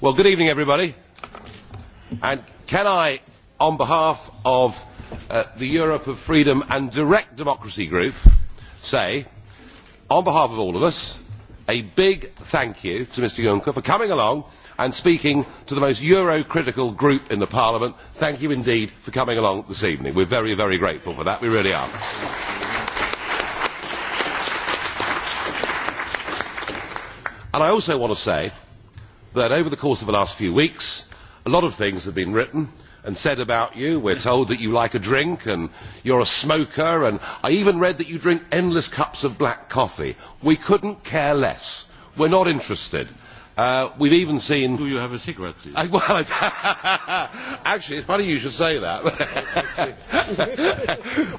Well, good evening, everybody. And can I, on behalf of uh, the Europe of Freedom and Direct Democracy Group, say, on behalf of all of us, a big thank you to Mr Juncker for coming along and speaking to the most Eurocritical group in the Parliament. Thank you indeed for coming along this evening. We're very, very grateful for that. We really are. And I also want to say that over the course of the last few weeks a lot of things have been written and said about you. we're told that you like a drink and you're a smoker and i even read that you drink endless cups of black coffee. we couldn't care less. we're not interested. Uh, we even seen. do you have a cigarette please? well, actually it's funny you should say that.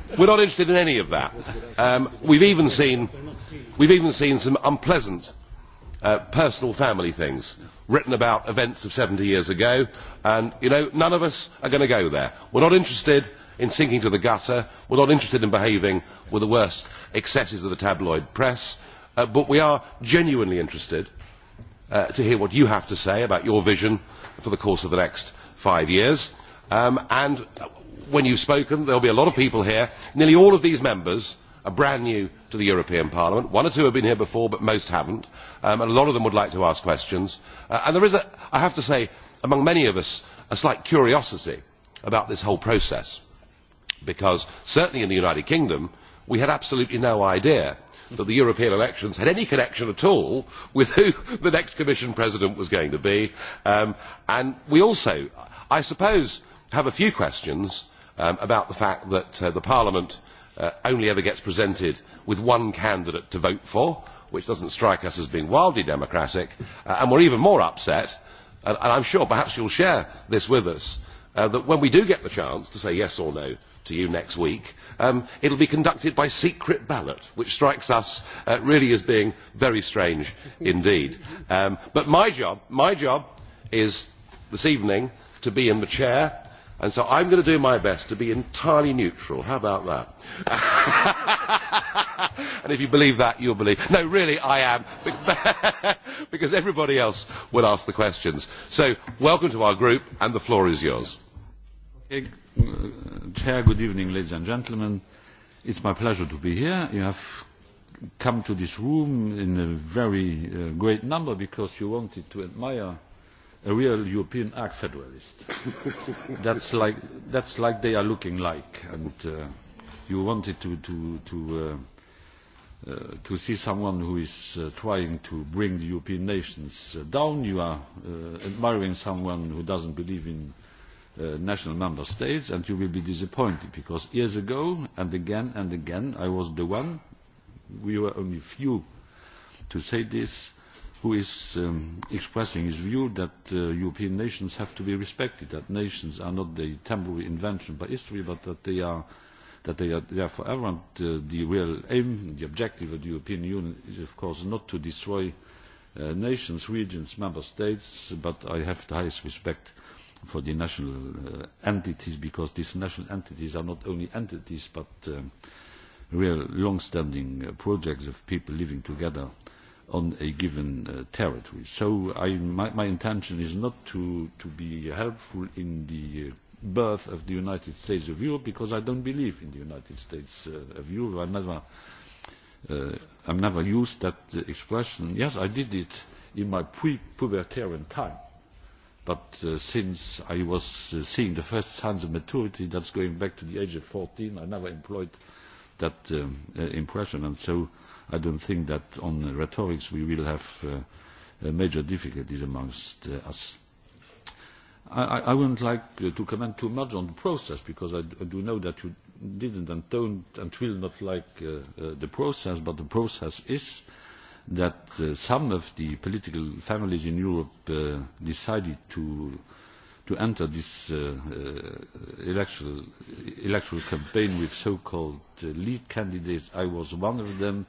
we're not interested in any of that. Um, we even seen we've even seen some unpleasant Uh, personal family things written about events of 70 years ago and you know none of us are going to go there we're not interested in sinking to the gutter we're not interested in behaving with the worst excesses of the tabloid press uh, but we are genuinely interested uh, to hear what you have to say about your vision for the course of the next five years um, and when you've spoken there will be a lot of people here nearly all of these members are brand new to the European Parliament. One or two have been here before, but most haven't. not, um, and a lot of them would like to ask questions. Uh, and there is, I have to say, among many of us, a slight curiosity about this whole process. Because certainly in the United Kingdom, we had absolutely no idea that the European elections had any connection at all with who the next Commission President was going to be. Um, and we also, I suppose, have a few questions um, about the fact that uh, the Parliament Uh, only ever gets presented with one candidate to vote for, which doesn't strike us as being wildly democratic, and uh, and we're even more upset, and, I I'm sure perhaps you'll share this with us, uh, that when we do get the chance to say yes or no to you next week, um, it will be conducted by secret ballot, which strikes us really as being very strange indeed. Um, but my job, my job is this evening to be in the chair And so I'm going to do my best to be entirely neutral. How about that? and if you believe that, you'll believe. No, really, I am. because everybody else will ask the questions. So welcome to our group, and the floor is yours. Okay. Uh, Chair, good evening, ladies and gentlemen. It's my pleasure to be here. You have come to this room in a very uh, great number because you wanted to admire a real European arc federalist. that's like that's like they are looking like, and uh, you wanted to to to uh, uh, to see someone who is uh, trying to bring the European nations uh, down. You are uh, admiring someone who doesn't believe in uh, national member states, and you will be disappointed because years ago and again and again I was the one. We were only few to say this who is um, expressing his view that uh, European nations have to be respected, that nations are not the temporary invention by history, but that they are, that they are there forever. And uh, the real aim, the objective of the European Union is, of course, not to destroy uh, nations, regions, member states, but I have the highest respect for the national uh, entities, because these national entities are not only entities, but um, real long-standing projects of people living together on a given uh, territory. So I, my, my intention is not to, to be helpful in the uh, birth of the United States of Europe because I don't believe in the United States uh, of Europe. I never, uh, I've never used that expression. Yes, I did it in my pre-pubertarian time. But since I was seeing the first signs of maturity, that's going back to the age of 14, I never employed that uh, uh, impression. And so I don't think that on rhetorics we will have uh, uh major difficulties amongst uh, us. I, I wouldn't like uh, to comment too much on the process because I, I do know that you didn't and don't and will not like uh, uh, the process, but the process is that uh, some of the political families in Europe uh, decided to to enter this uh, uh, electoral, electoral campaign with so-called uh, lead candidates. I was one of them,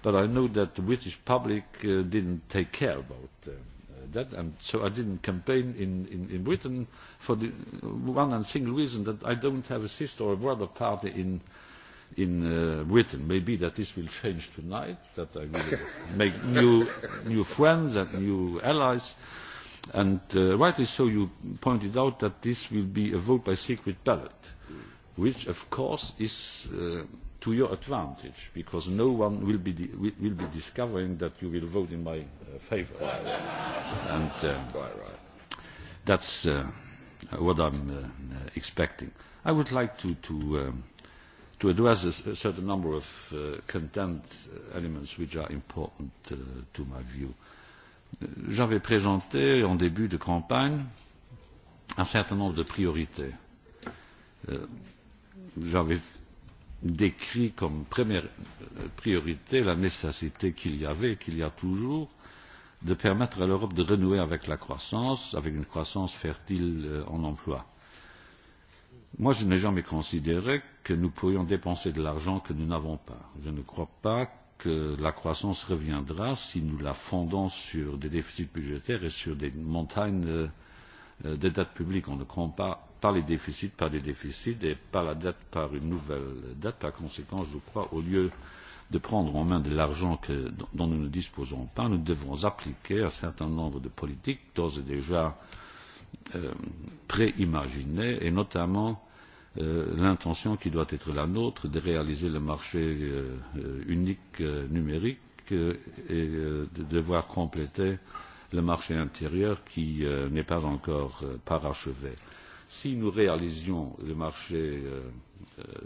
but I know that the British public didn't take care about that, and so I didn't campaign in, in, in Britain for the one and single reason that I don't have a sister or a brother party in, in uh, Britain. Maybe that this will change tonight, that I will make new, new friends and new allies. And uh, rightly so, you pointed out that this will be a vote by secret ballot, which, of course, is uh, to your advantage, because no one will be, will be discovering that you will vote in my uh, favour. That and um, that's what I'm am expecting. I would like to, to, um, to address a, a certain number of content elements which are important to my view j'avais présenté en début de campagne un certain nombre de priorités. Euh, j'avais décrit comme première euh, priorité la nécessité qu'il y avait, et qu'il y a toujours, de permettre à l'Europe de renouer avec la croissance, avec une croissance fertile euh, en emploi. Moi, je n'ai jamais considéré que nous pourrions dépenser de l'argent que nous n'avons pas. Je ne crois pas que la croissance reviendra si nous la fondons sur des déficits budgétaires et sur des montagnes euh, de dettes publiques. On ne compte pas, pas les déficits par des déficits et pas la dette par une nouvelle dette. Par conséquent, je crois, au lieu de prendre en main de l'argent dont nous ne disposons pas, nous devons appliquer un certain nombre de politiques d'ores et déjà euh, pré-imaginées et notamment Euh, l'intention qui doit être la nôtre de réaliser le marché euh, unique euh, numérique et de devoir compléter le marché intérieur qui n'est pas encore parachevé. Si nous réalisions le marché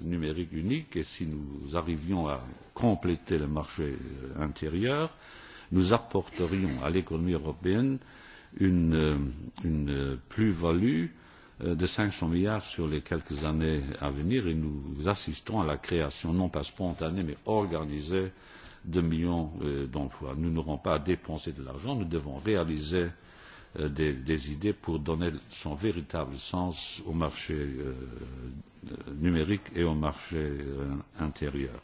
numérique unique et si nous arrivions à compléter le marché intérieur, nous apporterions à l'économie européenne une, une plus-value Euh, de 500 milliards sur les quelques années à venir et nous assistons à la création, non pas spontanée, mais organisée de millions euh, d'emplois. Nous n'aurons pas à dépenser de l'argent, nous devons réaliser euh, des, des idées pour donner son véritable sens au marché numérique et au marché intérieur.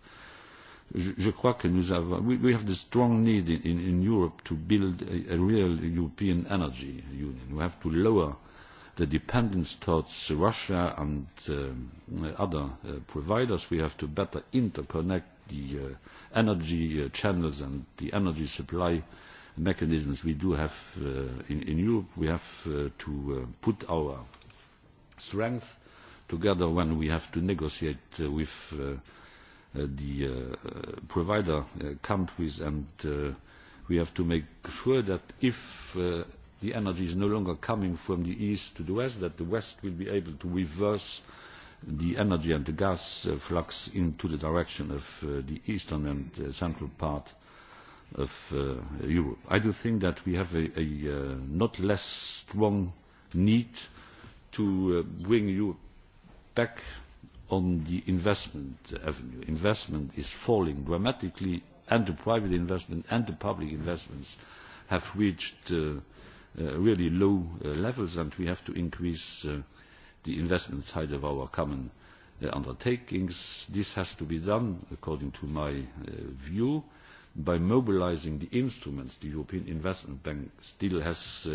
Je, crois que nous avons... We, have the strong need in, Europe to build a real European energy union. We have to lower the dependence towards Russia and um, uh, other uh, providers. We have to better interconnect the uh, energy channels and the energy supply mechanisms we do have in, in Europe. We have to put our strength together when we have to negotiate with the provider countries and we have to make sure that if the energy is no longer coming from the east to the west, that the west will be able to reverse the energy and the gas uh, flux into the direction of uh, the eastern and uh, central part of uh, Europe. I do think that we have a, a uh, not less strong need to bring Europe back on the investment avenue. Investment is falling dramatically and the private investment and the public investments have reached Uh, really low uh, levels and we have to increase uh, the investment side of our common undertakings. This has to be done, according to my view, by mobilising the instruments the European Investment Bank still has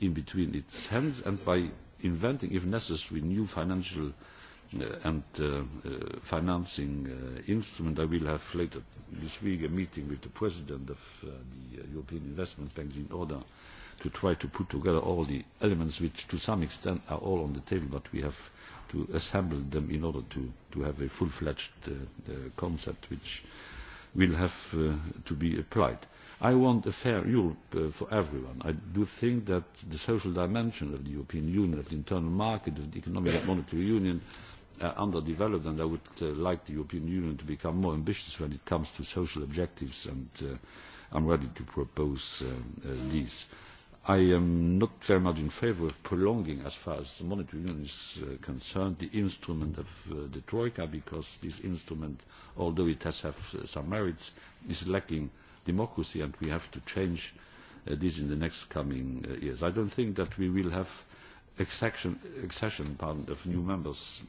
in between its hands and by inventing, if necessary, new financial and financing instruments. I will have later this week a meeting with the President of the European Investment Bank in order to try to put together all the elements which to some extent are all on the table but we have to assemble them in order to, to have a full-fledged uh, concept which will have uh, to be applied. I want a fair Europe uh, for everyone. I do think that the social dimension of the European Union, of the internal market, of the economic and monetary union are underdeveloped and I would like the European Union to become more ambitious when it comes to social objectives and I'm ready to propose um, these. I am not very much in favour of prolonging, as far as the monetary union is uh, concerned, the instrument of uh, the Troika, because this instrument, although it has uh, some merits, is lacking democracy, and we have to change this in the next coming years. I don't think that we will have accession, of new members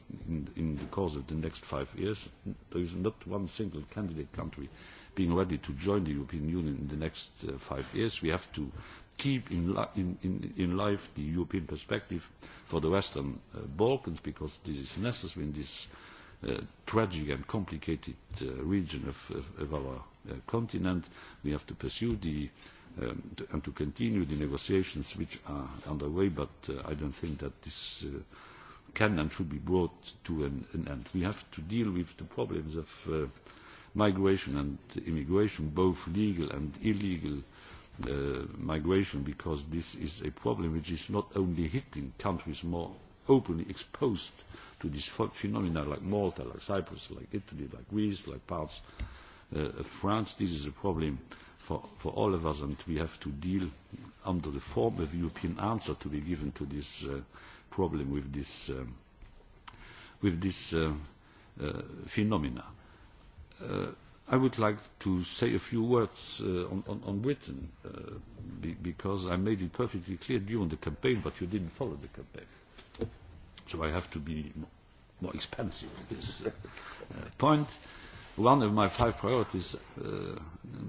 in, the course of the next five years. There is not one single candidate country being ready to join the European Union in the next uh, five years. We have to keep in, in, in, life the European perspective for the Western uh, Balkans because this is necessary in this uh, tragic and complicated uh, region of, of, our continent. We have to pursue the, um, to, and to continue the negotiations which are underway, but I don't think that this can and should be brought to an end. We have to deal with the problems of migration and immigration, both legal and illegal Uh, migration because this is a problem which is not only hitting countries more openly exposed to this phenomena like Malta, like Cyprus, like Italy, like Greece, like parts uh, of France. This is a problem for, for all of us and we have to deal under the form of European answer to be given to this uh, problem with this, um, phenomena. I would like to say a few words uh, on, on, on Britain, uh, because I made it perfectly clear during the campaign, but you didn't follow the campaign. So I have to be more, more expansive on this uh, point. One of my five priorities,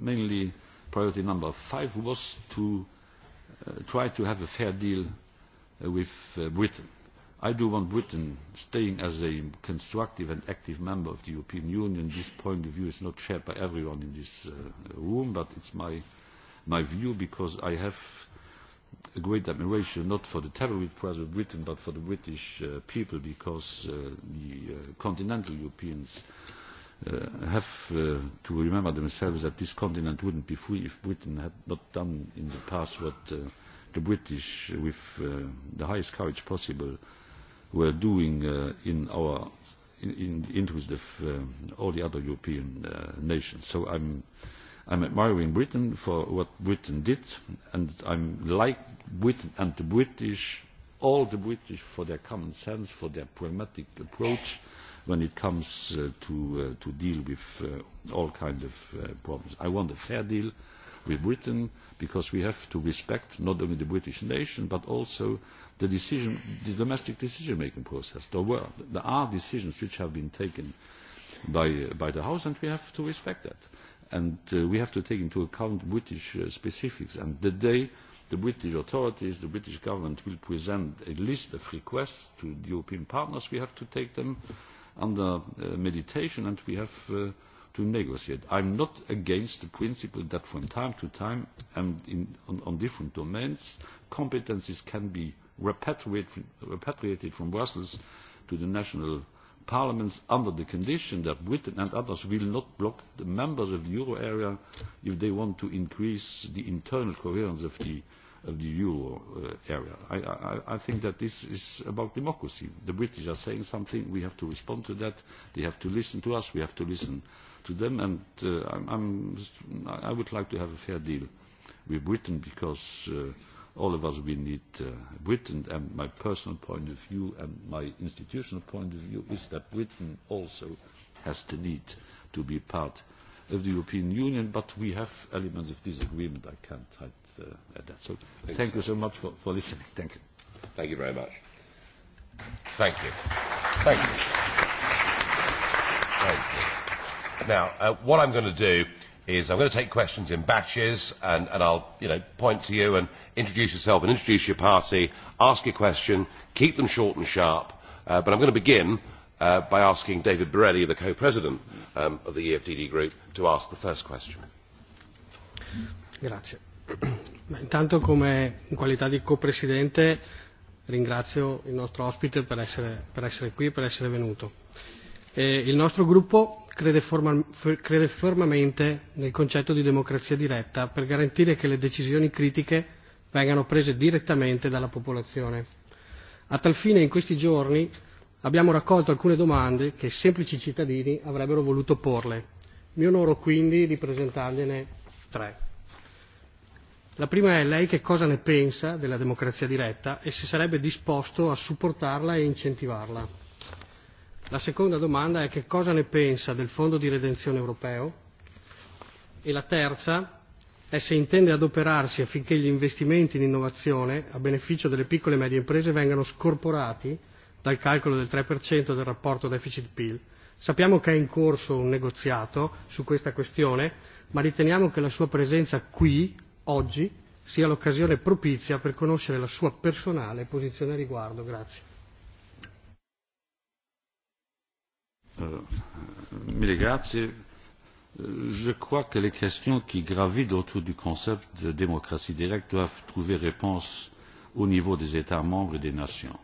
mainly priority number five, was to try to have a fair deal with Britain i do want Britain staying as a constructive and active member of the European Union. This point of view is not shared by everyone in this uh, room, but it's my, my view because I have a great admiration not for the terrorist press of Britain, but for the British uh, people because uh, the continental Europeans have to remember themselves that this continent wouldn't be free if Britain had not done in the past what the British, with the highest courage possible, were doing uh, in our in, in interest of uh, all the other European uh, nations. So I'm, I'm admiring Britain for what Britain did, and I'm like Britain and the British, all the British for their common sense, for their pragmatic approach when it comes uh, to, uh, to deal with uh, all kinds of uh, problems. I want a fair deal with Britain because we have to respect not only the British nation but also the decision, the domestic decision-making process. There, were, there are decisions which have been taken by, uh, by the House, and we have to respect that. And uh, we have to take into account British uh, specifics. And the day the British authorities, the British government will present a list of requests to the European partners, we have to take them under meditation and we have to negotiate. I'm not against the principle that from time to time and in, on, on different domains, competences can be repatriated, repatriated from Brussels to the national parliaments under the condition that Britain and others will not block the members of the euro area if they want to increase the internal coherence of the, of the euro uh, area. I, I, I think that this is about democracy. The British are saying something, we have to respond to that, they have to listen to us, we have to listen to them, and uh, I'm, I'm, I would like to have a fair deal with Britain because uh, all of us, we need uh, Britain. And my personal point of view and my institutional point of view is that Britain also has the need to be part of the European Union, but we have elements of disagreement. I can't hide uh, that. So thank you so much for, listening. Thank you. Thank you very much. Thank you. Thank you. Now, uh, what I'm going to do is I'm going to take questions in batches and, and I'll you know, point to you and introduce yourself and introduce your party, ask your question, keep them short and sharp. Uh, but I'm going to begin uh, by asking David Borelli, the co-president um, of the EFDD group, to ask the first question. Grazie. Intanto come in qualità di co-presidente ringrazio il nostro ospite per essere, per essere qui, per essere venuto. E il nostro gruppo crede, forma, crede fermamente nel concetto di democrazia diretta per garantire che le decisioni critiche vengano prese direttamente dalla popolazione. A tal fine in questi giorni abbiamo raccolto alcune domande che semplici cittadini avrebbero voluto porle. Mi onoro quindi di presentargliene tre. La prima è lei che cosa ne pensa della democrazia diretta e se sarebbe disposto a supportarla e incentivarla. La seconda domanda è che cosa ne pensa del Fondo di redenzione europeo e la terza è se intende adoperarsi affinché gli investimenti in innovazione a beneficio delle piccole e medie imprese vengano scorporati dal calcolo del 3% del rapporto deficit PIL. Sappiamo che è in corso un negoziato su questa questione, ma riteniamo che la sua presenza qui oggi sia l'occasione propizia per conoscere la sua personale posizione a riguardo. Grazie. Euh, Millegard, euh, je crois que les questions qui gravitent autour du concept de démocratie directe doivent trouver réponse au niveau des États membres et des nations.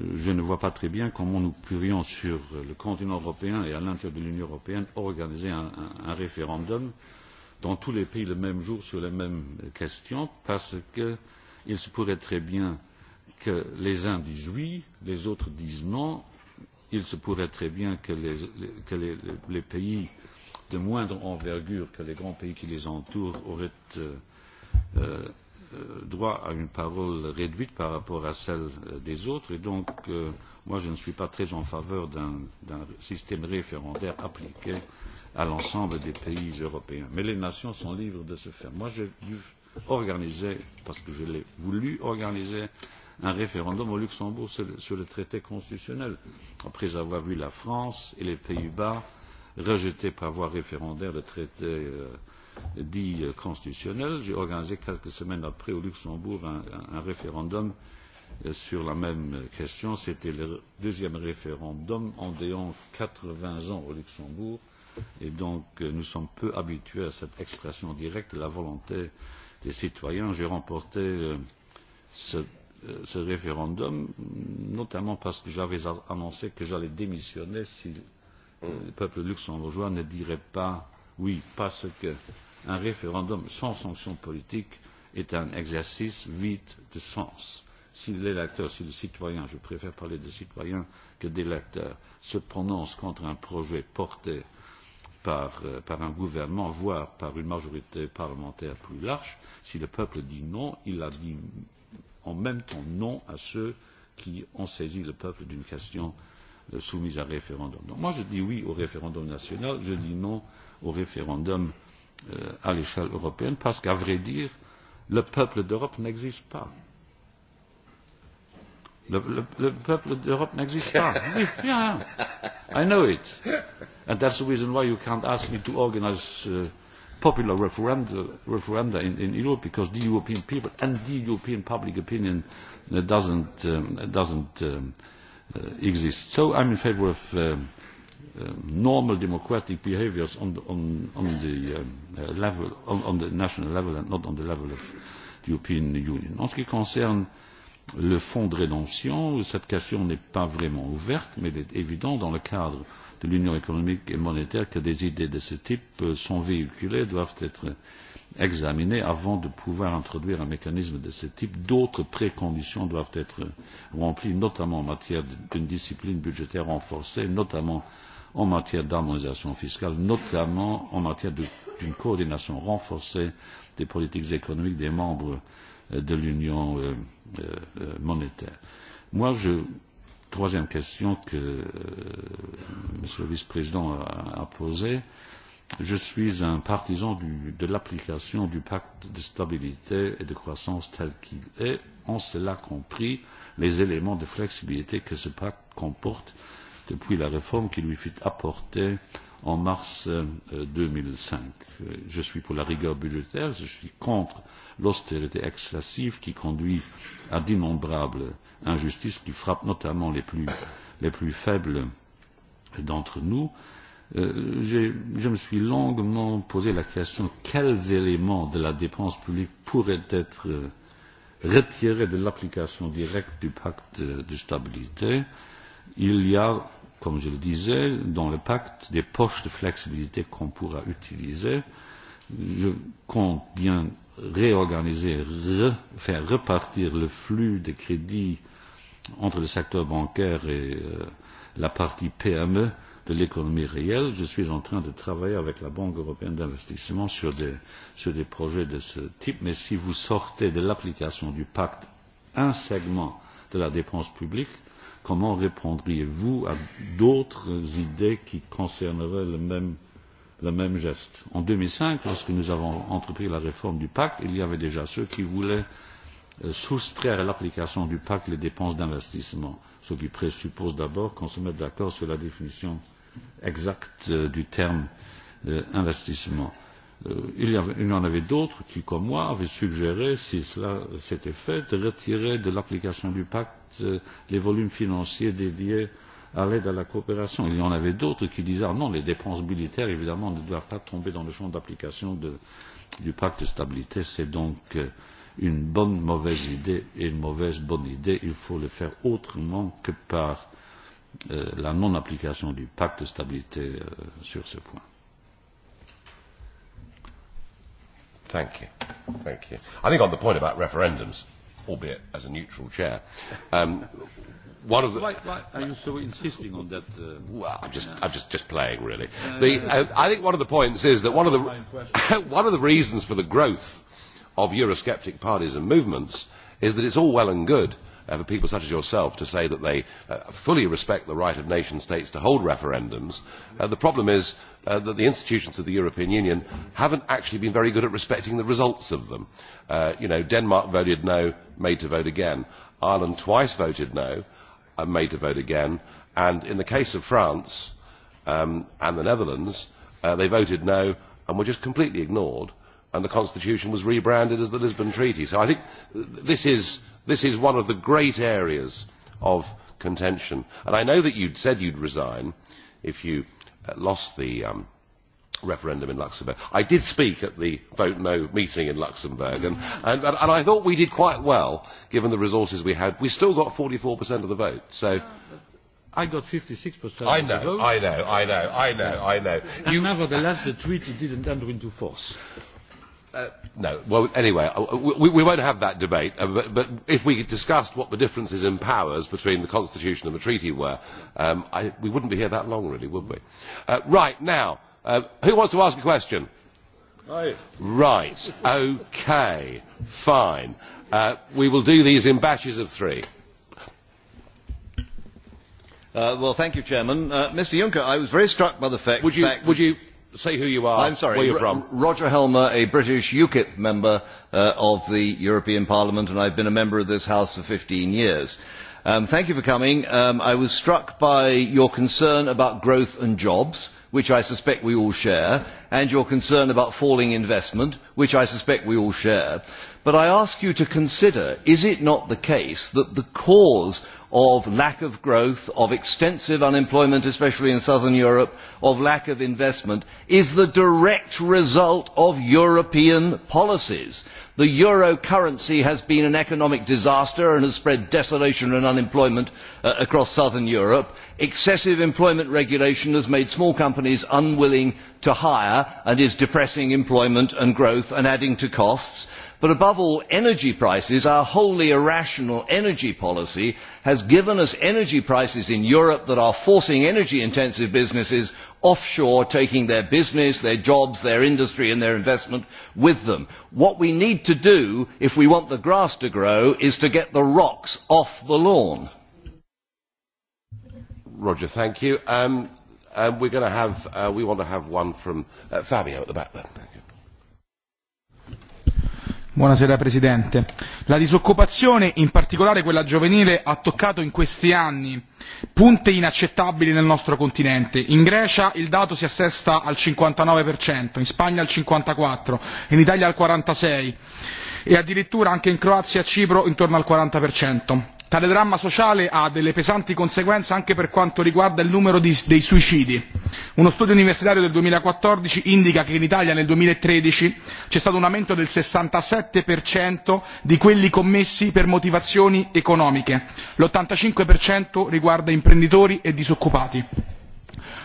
Euh, je ne vois pas très bien comment nous pourrions, sur le continent européen et à l'intérieur de l'Union européenne, organiser un, un, un référendum dans tous les pays le même jour sur les mêmes questions, parce qu'il se pourrait très bien que les uns disent oui, les autres disent non, il se pourrait très bien que les, que les, pays de moindre envergure que les grands pays qui les entourent auraient euh, euh, euh, droit à une parole réduite par rapport à celle des autres et donc moi je ne suis pas très en faveur d'un système référendaire appliqué à l'ensemble des pays européens. Mais les nations sont libres de se faire. Moi j'ai dû organiser, parce que je l'ai voulu organiser, un référendum au Luxembourg sur le, traité constitutionnel, après avoir vu la France et les Pays-Bas rejeter par voie référendaire le traité euh, dit euh, constitutionnel. J'ai organisé quelques semaines après au Luxembourg un, référendum euh, sur la même question. C'était le deuxième référendum en quatre 80 ans au Luxembourg. Et donc, nous sommes peu habitués à cette expression directe de la volonté des citoyens. J'ai remporté euh, ce référendum, notamment parce que j'avais annoncé que j'allais démissionner si le mm. peuple luxembourgeois ne dirait pas oui, parce qu'un référendum sans sanction politique est un exercice vide de sens. Si l'électeur, si le citoyen, je préfère parler de citoyen que d'électeur, se prononce contre un projet porté par, euh, par un gouvernement, voire par une majorité parlementaire plus large, si le peuple dit non, il a dit en même temps non à ceux qui ont saisi le peuple d'une question soumise à référendum. Donc moi je dis oui au référendum national, je dis non au référendum euh, à l'échelle européenne, parce qu'à vrai dire, le peuple d'Europe n'existe pas. Le, le, le peuple d'Europe n'existe pas. Oui, yeah, I know it. And that's the reason why you can't ask me to organize uh, popular referenda, in, in Europe because the European people and the European public opinion uh, doesn't, um, doesn't um, uh, exist. So I'm in favor of um, normal democratic behaviors on the, on, on the uh, level, on, the national level and not on the level of the European Union. En ce qui concerne le fonds de rédemption, cette question n'est pas vraiment ouverte, mais elle est évident dans le cadre de l'union économique et monétaire que des idées de ce type euh, sont véhiculées doivent être examinées avant de pouvoir introduire un mécanisme de ce type. D'autres préconditions doivent être remplies, notamment en matière d'une discipline budgétaire renforcée, notamment en matière d'harmonisation fiscale, notamment en matière d'une coordination renforcée des politiques économiques des membres euh, de l'union euh, monétaire. Moi, je troisième question que euh, Monsieur le Vice-président a, a posée. Je suis un partisan du, de l'application du pacte de stabilité et de croissance tel qu'il est, en cela compris les éléments de flexibilité que ce pacte comporte depuis la réforme qui lui fut apportée en mars euh, deux mille cinq euh, je suis pour la rigueur budgétaire je suis contre l'austérité excessive qui conduit à d'innombrables injustices qui frappent notamment les plus, les plus faibles d'entre nous. Euh, je, je me suis longuement posé la question quels éléments de la dépense publique pourraient être retirés de l'application directe du pacte de stabilité? il y a comme je le disais, dans le pacte des poches de flexibilité qu'on pourra utiliser. Je compte bien réorganiser, faire repartir le flux de crédits entre le secteur bancaire et euh, la partie PME de l'économie réelle. Je suis en train de travailler avec la Banque européenne d'investissement sur des, sur des projets de ce type, mais si vous sortez de l'application du pacte un segment de la dépense publique, comment répondriez vous à d'autres idées qui concerneraient le même, le même geste? en 2005, lorsque nous avons entrepris la réforme du pacte il y avait déjà ceux qui voulaient euh, soustraire à l'application du pacte les dépenses d'investissement ce qui présuppose d'abord qu'on se mette d'accord sur la définition exacte euh, du terme euh, investissement. Euh, il, y avait, il y en avait d'autres qui, comme moi, avaient suggéré, si cela s'était fait, de retirer de l'application du pacte euh, les volumes financiers dédiés à l'aide à la coopération. Il y en avait d'autres qui disaient ah non, les dépenses militaires, évidemment, ne doivent pas tomber dans le champ d'application du pacte de stabilité. C'est donc euh, une bonne mauvaise idée et une mauvaise bonne idée. Il faut le faire autrement que par euh, la non application du pacte de stabilité euh, sur ce point. Thank you. Thank you. I think on the point about referendums, albeit as a neutral chair, um, one of the... Why, why are you so insisting on that? Uh, well, I'm just, I'm just, just playing, really. Uh, the, uh, I think one of the points is that one of the, one of the reasons for the growth of Eurosceptic parties and movements is that it's all well and good for uh, people such as yourself to say that they uh, fully respect the right of nation states to hold referendums. Uh, the problem is that the institutions of the European Union haven't actually been very good at respecting the results of them. You know, Denmark voted no, made to vote again. Ireland twice voted no, and made to vote again. And in the case of France um, and the Netherlands, they voted no and were just completely ignored and the constitution was rebranded as the lisbon treaty so i think this is this is one of the great areas of contention and i know that you said you'd resign if you uh, lost the um, referendum in luxembourg i did speak at the vote no meeting in luxembourg and, and and i thought we did quite well given the resources we had we still got 44% of the vote so I got 56% I of the vote. I know, I know, I know, I know. I you... nevertheless, the treaty didn't enter into force. Uh, no. Well, anyway, uh, we, we won't have that debate. Uh, but, if we discussed what the differences in powers between the Constitution and the treaty were, um, I, we wouldn't be here that long, really, would we? Uh, right, now, uh, who wants to ask a question? Aye. Right. Okay. Fine. Uh, we will do these in batches of three. Uh, well, thank you, Chairman. Uh, Mr Juncker, I was very struck by the fact... Would you, fact would you say who you are, I'm sorry, where you're from. Roger Helmer, a British UKIP member uh, of the European Parliament, and I've been a member of this House for 15 years. Um, thank you for coming. Um, I was struck by your concern about growth and jobs, which I suspect we all share, and your concern about falling investment, which I suspect we all share. But I ask you to consider, is it not the case that the cause of lack of growth of extensive unemployment especially in southern europe of lack of investment is the direct result of european policies. the euro currency has been an economic disaster and has spread desolation and unemployment uh, across southern europe. excessive employment regulation has made small companies unwilling to hire and is depressing employment and growth and adding to costs but above all energy prices our wholly irrational energy policy has given us energy prices in europe that are forcing energy intensive businesses offshore taking their business their jobs their industry and their investment with them. what we need to do if we want the grass to grow is to get the rocks off the lawn. roger thank you. Um, uh, we're going to have uh, we want to have one from uh, fabio at the back there signora presidente onorevoli colleghi la disoccupazione in particolare quella giovanile ha toccato in questi anni punte inaccettabili nel nostro continente in grecia il dato si assesta al cinquantanove in spagna al cinquantaquattro in italia al quarantasei e addirittura anche in croazia e cipro intorno al quaranta tale dramma sociale ha delle pesanti conseguenze anche per quanto riguarda il numero dei suicidi uno studio universitario del duemilaquattordici indica che in italia nel duemilatredici c'è stato un aumento del sessantasette di quelli commessi per motivazioni economiche l' ottantacinque riguarda imprenditori e disoccupati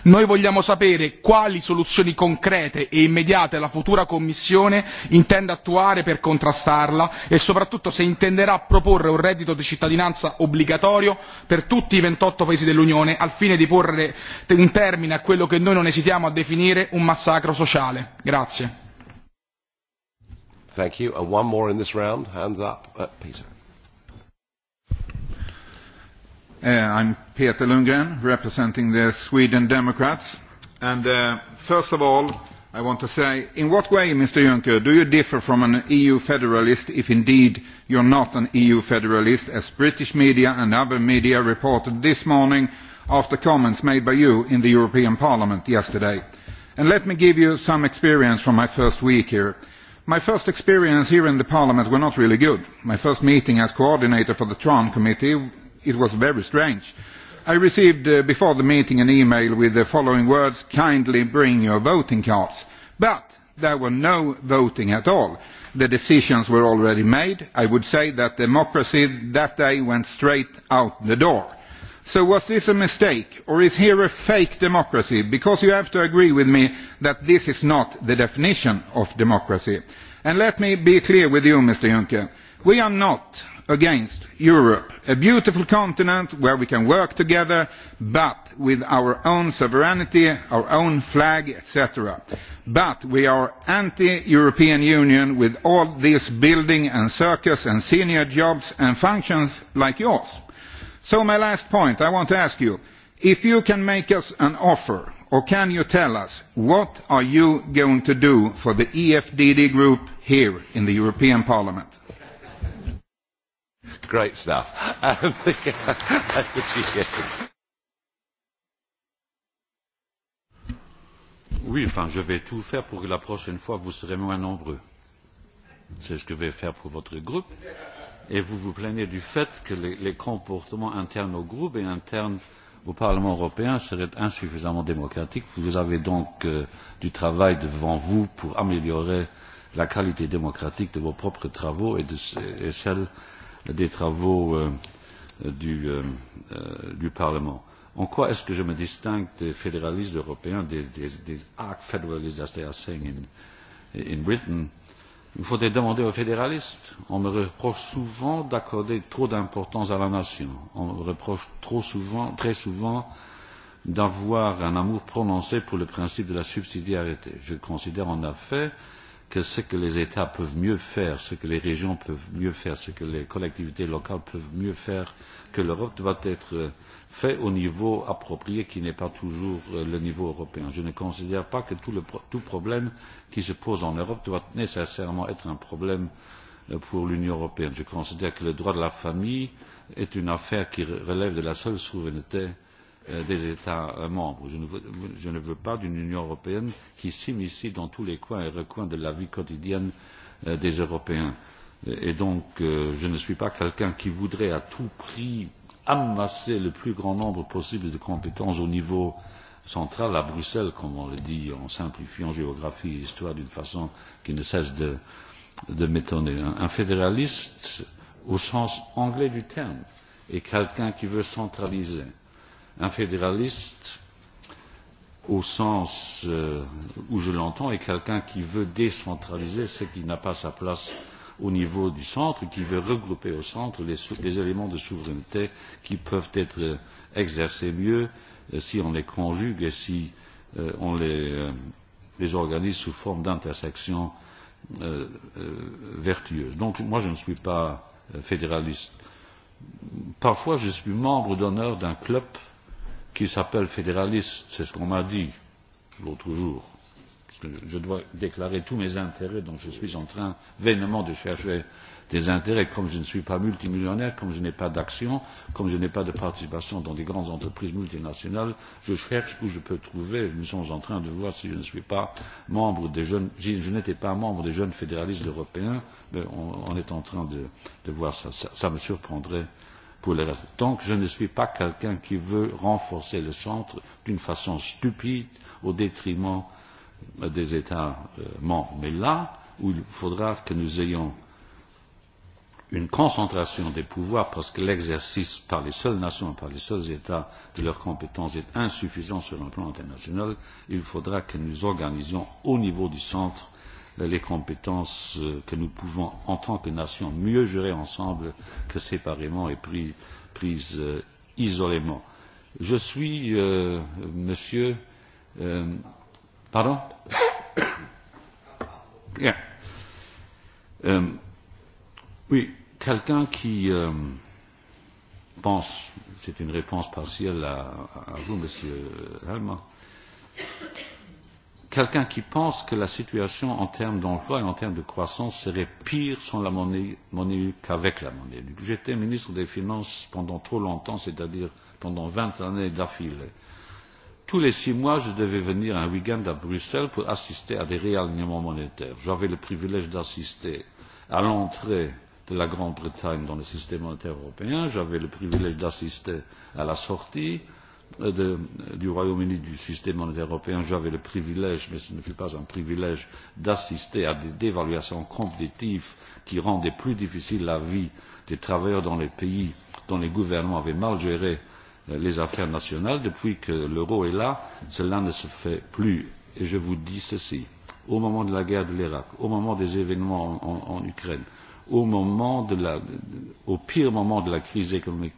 noi vogliamo sapere quali soluzioni concrete e immediate la futura commissione intende attuare per contrastarla e soprattutto se intenderà proporre un reddito di cittadinanza obbligatorio per tutti i ventotto paesi dell'unione al fine di porre un termine a quello che noi non esitiamo a definire un massacro sociale. Eh, I'm Peter Lundgren, representing the Sweden Democrats. And uh, first of all, I want to say, in what way, Mr. Juncker, do you differ from an EU federalist if indeed you're not an EU federalist, as British media and other media reported this morning after comments made by you in the European Parliament yesterday? And let me give you some experience from my first week here. My first experience here in the Parliament were not really good. My first meeting as coordinator for the TRAN committee it was very strange. I received uh, before the meeting an email with the following words, kindly bring your voting cards. But there were no voting at all. The decisions were already made. I would say that democracy that day went straight out the door. So was this a mistake or is here a fake democracy? Because you have to agree with me that this is not the definition of democracy. And let me be clear with you, Mr Juncker. We are not against Europe, a beautiful continent where we can work together, but with our own sovereignty, our own flag, etc. But we are anti-European Union with all this building and circus and senior jobs and functions like yours. So my last point, I want to ask you, if you can make us an offer, or can you tell us, what are you going to do for the EFDD group here in the European Parliament? Great stuff. Um, oui, enfin, je vais tout faire pour que la prochaine fois, vous serez moins nombreux. C'est ce que je vais faire pour votre groupe. Et vous vous plaignez du fait que les, les comportements internes au groupe et internes au Parlement européen seraient insuffisamment démocratiques. Vous avez donc euh, du travail devant vous pour améliorer la qualité démocratique de vos propres travaux et, de, et celle des travaux euh, du, euh, euh, du Parlement. En quoi est-ce que je me distingue des fédéralistes européens, des, des, des arc federalists, as they are saying in, in Britain Il faudrait demander aux fédéralistes. On me reproche souvent d'accorder trop d'importance à la nation. On me reproche trop souvent, très souvent d'avoir un amour prononcé pour le principe de la subsidiarité. Je considère en effet que ce que les États peuvent mieux faire, ce que les régions peuvent mieux faire, ce que les collectivités locales peuvent mieux faire que l'Europe doit être fait au niveau approprié qui n'est pas toujours euh, le niveau européen. Je ne considère pas que tout, le, tout problème qui se pose en Europe doit nécessairement être un problème euh, pour l'Union européenne. Je considère que le droit de la famille est une affaire qui relève de la seule souveraineté Euh, des États euh, membres. Je ne veux, je ne veux pas d'une Union européenne qui s'immisce dans tous les coins et recoins de la vie quotidienne euh, des Européens. Et donc, je ne suis pas quelqu'un qui voudrait à tout prix amasser le plus grand nombre possible de compétences au niveau central à Bruxelles, comme on le dit, en simplifiant géographie et histoire d'une façon qui ne cesse de, de m'étonner. Un fédéraliste, au sens anglais du terme, est quelqu'un qui veut centraliser un fédéraliste au sens euh, où je l'entends est quelqu'un qui veut décentraliser ce qui n'a pas sa place au niveau du centre, qui veut regrouper au centre les, les éléments de souveraineté qui peuvent être euh, exercés mieux euh, si on les conjugue et si euh, on les, les organise sous forme d'intersection vertueuse. Donc moi je ne suis pas fédéraliste. Parfois je suis membre d'honneur d'un club qui s'appelle fédéraliste, c'est ce qu'on m'a dit l'autre jour, que je dois déclarer tous mes intérêts, donc je suis en train vainement de chercher des intérêts, comme je ne suis pas multimillionnaire, comme je n'ai pas d'action, comme je n'ai pas de participation dans des grandes entreprises multinationales, je cherche où je peux trouver, nous sommes en train de voir si je ne suis pas membre des jeunes, si je n'étais pas membre des jeunes fédéralistes européens, mais on, on est en train de, de voir ça. ça. Ça me surprendrait pour le reste. Donc, je ne suis pas quelqu'un qui veut renforcer le centre d'une façon stupide au détriment euh, des États euh, membres. Mais là où il faudra que nous ayons une concentration des pouvoirs parce que l'exercice par les seules nations, par les seuls États de leurs compétences est insuffisant sur le plan international, il faudra que nous organisions au niveau du centre Euh, les compétences euh, que nous pouvons en tant que nation mieux gérer ensemble que séparément et pris, prises euh, isolément. Je suis, euh, monsieur, euh, pardon yeah. Oui, quelqu'un qui pense, c'est une réponse partielle à, à vous, monsieur Helmer, quelqu'un qui pense que la situation en termes d'emploi et en termes de croissance serait pire sans la monnaie, monnaie unique qu'avec la monnaie unique. J'étais ministre des Finances pendant trop longtemps, c'est-à-dire pendant 20 années d'affilée. Tous les six mois, je devais venir un week-end à Bruxelles pour assister à des réalignements monétaires. J'avais le privilège d'assister à l'entrée de la Grande-Bretagne dans le système monétaire européen, j'avais le privilège d'assister à la sortie, Euh, de, du Royaume-Uni du système monétaire européen, j'avais le privilège, mais ce ne fut pas un privilège, d'assister à des dévaluations compétitives qui rendaient plus difficile la vie des travailleurs dans les pays dont les gouvernements avaient mal géré euh, les affaires nationales. Depuis que l'euro est là, cela ne se fait plus. Et je vous dis ceci. Au moment de la guerre de l'Irak, au moment des événements en, en, en Ukraine, au, moment de la, au pire moment de la crise économique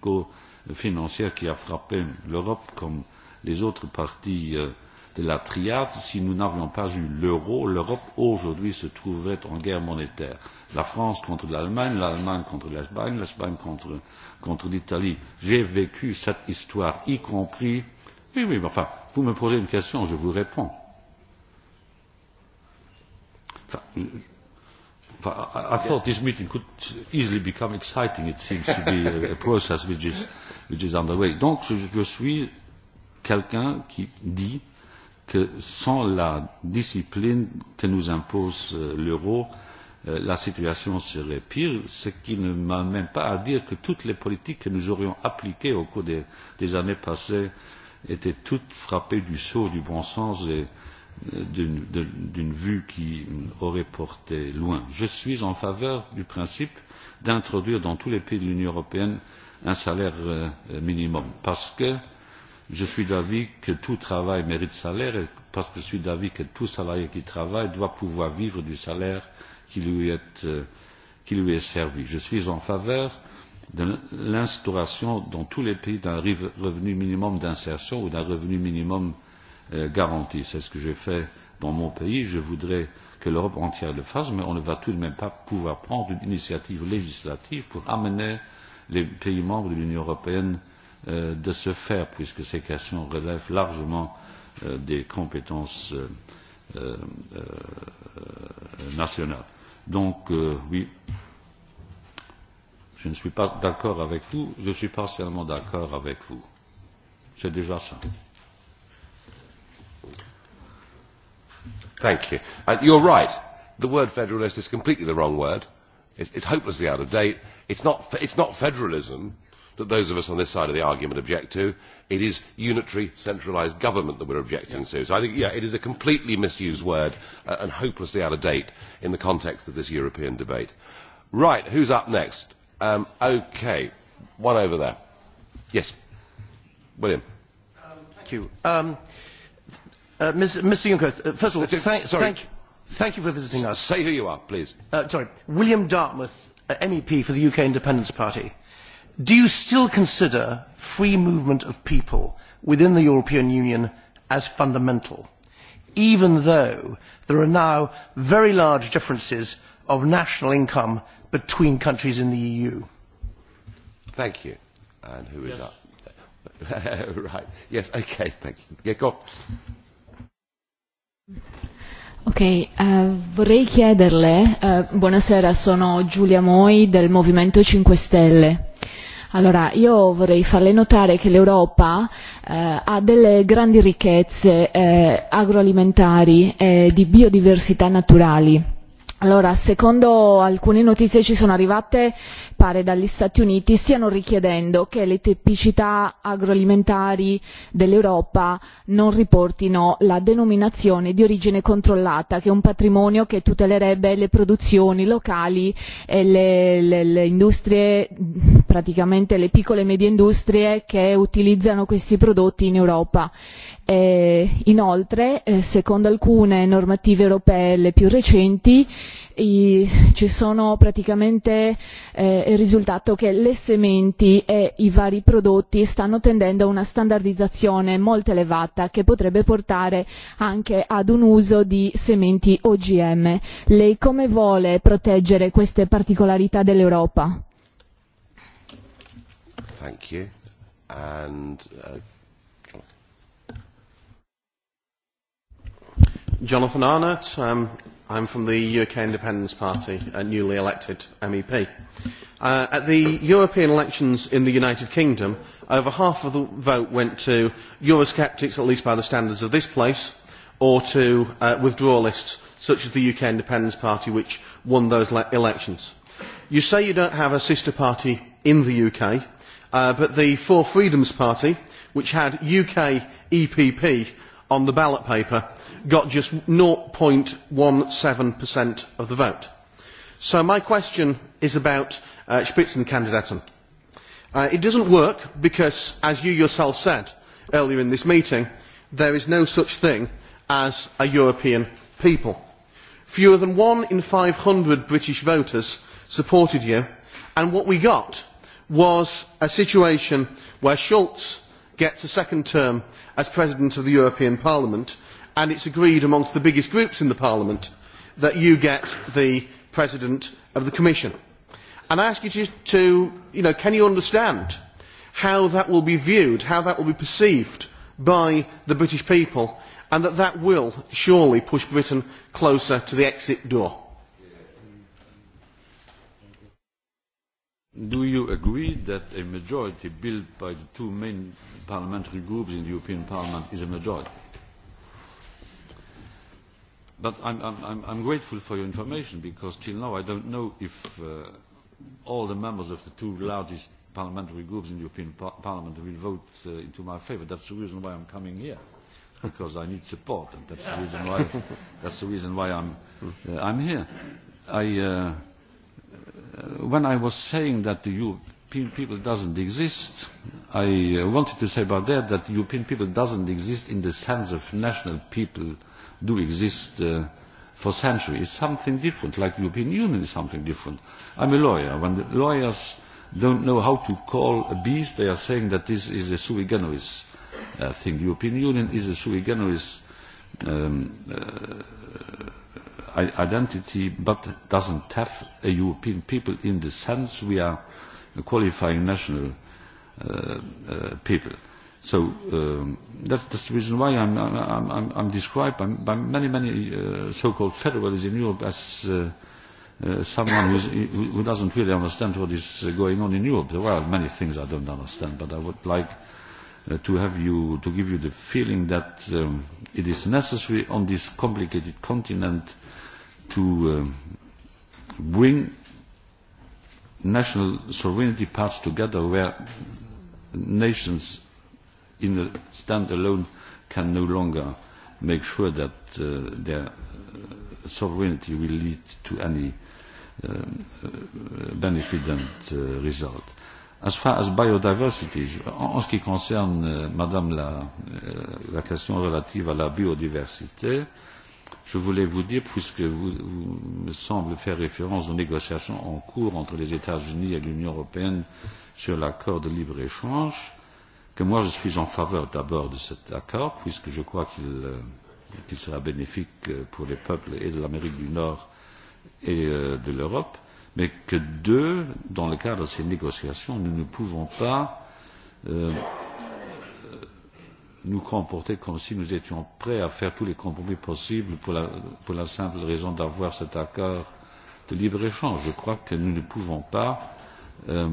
financière qui a frappé l'Europe comme les autres parties euh, de la triade, si nous n'avions pas eu l'euro, l'Europe aujourd'hui se trouverait en guerre monétaire. La France contre l'Allemagne, l'Allemagne contre l'Espagne, l'Espagne contre, contre l'Italie. J'ai vécu cette histoire, y compris... Oui, oui, mais enfin, vous me posez une question, je vous réponds. Enfin, pa, I, thought this meeting could easily become exciting. It seems to be uh, a, process which is, which is underway. Donc, je, je suis quelqu'un qui dit que sans la discipline que nous impose euh, l'euro, euh, la situation serait pire, ce qui ne m'amène pas à dire que toutes les politiques que nous aurions appliquées au cours des, des années passées étaient toutes frappées du sceau du bon sens et, d'une vue qui aurait porté loin. Je suis en faveur du principe d'introduire dans tous les pays de l'Union européenne un salaire euh, minimum, parce que je suis d'avis que tout travail mérite salaire, et parce que je suis d'avis que tout salarié qui travaille doit pouvoir vivre du salaire qui lui est, euh, qui lui est servi. Je suis en faveur de l'instauration dans tous les pays d'un revenu minimum d'insertion ou d'un revenu minimum Euh, garantie. C'est ce que j'ai fait dans mon pays. Je voudrais que l'Europe entière le fasse, mais on ne va tout de même pas pouvoir prendre une initiative législative pour amener les pays membres de l'Union européenne euh, de se faire, puisque ces questions relèvent largement euh, des compétences nationales. Donc, oui, je ne suis pas d'accord avec vous, je suis partiellement d'accord avec vous. C'est déjà ça. Thank you. And you're right. The word federalist is completely the wrong word. It's, it's hopelessly out of date. It's not, it's not federalism that those of us on this side of the argument object to. It is unitary, centralised government that we're objecting yeah. to. So I think, yeah, it is a completely misused word uh, and hopelessly out of date in the context of this European debate. Right, who's up next? Um, okay, one over there. Yes, William. Um, thank you. Um, Uh, Mr Juncker, uh, first of all, uh, thank, thank you for visiting us. Say who you are, please. sorry, William Dartmouth, MEP for the UK Independence Party. Do you still consider free movement of people within the European Union as fundamental, even though there are now very large differences of national income between countries in the EU? Thank you. And who is yes. up? right. Yes, okay, you. Yeah, go. On. Ok, uh, vorrei chiederle, eh, buonasera, sono Giulia Moi del Movimento 5 Stelle. Allora, io vorrei farle notare che l'Europa eh, ha delle grandi ricchezze eh, agroalimentari e di biodiversità naturali Allora, secondo alcune notizie ci sono arrivate, pare dagli Stati Uniti, stiano richiedendo che le tipicità agroalimentari dell'Europa non riportino la denominazione di origine controllata, che è un patrimonio che tutelerebbe le produzioni locali e le, le industrie, praticamente le piccole e medie industrie che utilizzano questi prodotti in Europa E, inoltre eh, secondo alcune normative europee le più recenti ci sono praticamente eh, il risultato che le sementi e i vari prodotti stanno tendendo a una standardizzazione molto elevata che potrebbe portare anche ad un uso di sementi ogm. lei come vuole proteggere queste particolarità dell'europa? Uh, Jonathan Arnott. I um, I'm from the UK Independence Party, a newly elected MEP. Uh, at the European elections in the United Kingdom, over half of the vote went to Eurosceptics, at least by the standards of this place, or to uh, withdrawalists such as the UK Independence Party, which won those elections. You say you don't have a sister party in the UK, uh, but the Four Freedoms Party, which had UK EPP on the ballot paper got just 0.17% of the vote. So my question is about uh, Spitzenkandidaten. Uh, it doesn't work because, as you yourself said earlier in this meeting, there is no such thing as a European people. Fewer than one in 500 British voters supported you, and what we got was a situation where Schulz gets a second term as president of the european parliament and it is agreed amongst the biggest groups in parliament that you get the president of the commission. i ask you to can you understand how that will be viewed how that will be perceived by the british people and that that will surely push britain closer to the exit door? Do you agree that a majority built by the two main parliamentary groups in the European Parliament is a majority? But I'm, I'm, grateful for your information because till now I don't know if uh, all the members of the two largest parliamentary groups in the European Parliament will vote uh, into my favour. That's the reason why I'm coming here, because I need support, and that's the reason why, that's the reason why I'm, uh, I'm here. I... Uh, Uh, when I was saying that the European people doesn't exist, I uh, wanted to say about that that the European people doesn't exist in the sense of national people do exist uh, for centuries. It's something different, like European Union is something different. I'm a lawyer. When the lawyers don't know how to call a beast, they are saying that this is a sui generis uh, thing. European Union is a sui generis um, identity but doesn't have a European people in the sense we are qualifying national uh, uh, people. So um, that that's, the reason why I'm, am I'm, described by, by many, many uh, so-called federalists in Europe as someone who who doesn't really understand what is going on in Europe. There are many things I don't understand, but I would like to have you, to give you the feeling that um, it is necessary on this complicated continent to uh, bring national sovereignty parts together where nations in the stand alone can no longer make sure that uh, their uh, sovereignty will lead to any um, uh, benefit and uh, result. As far as biodiversity, en, en ce qui concerne, euh, Madame, la, euh, la question relative à la biodiversité, je voulais vous dire puisque vous, vous me semble faire référence aux négociations en cours entre les états unis et l'union européenne sur l'accord de libre échange que moi je suis en faveur d'abord de cet accord puisque je crois qu'il euh, qu sera bénéfique euh, pour les peuples et de l'amérique du nord et euh, de l'europe mais que deux dans le cadre de ces négociations nous ne pouvons pas euh, nous comporter comme si nous étions prêts à faire tous les compromis possibles pour la, pour la simple raison d'avoir cet accord de libre échange. Je crois que nous ne pouvons pas euh,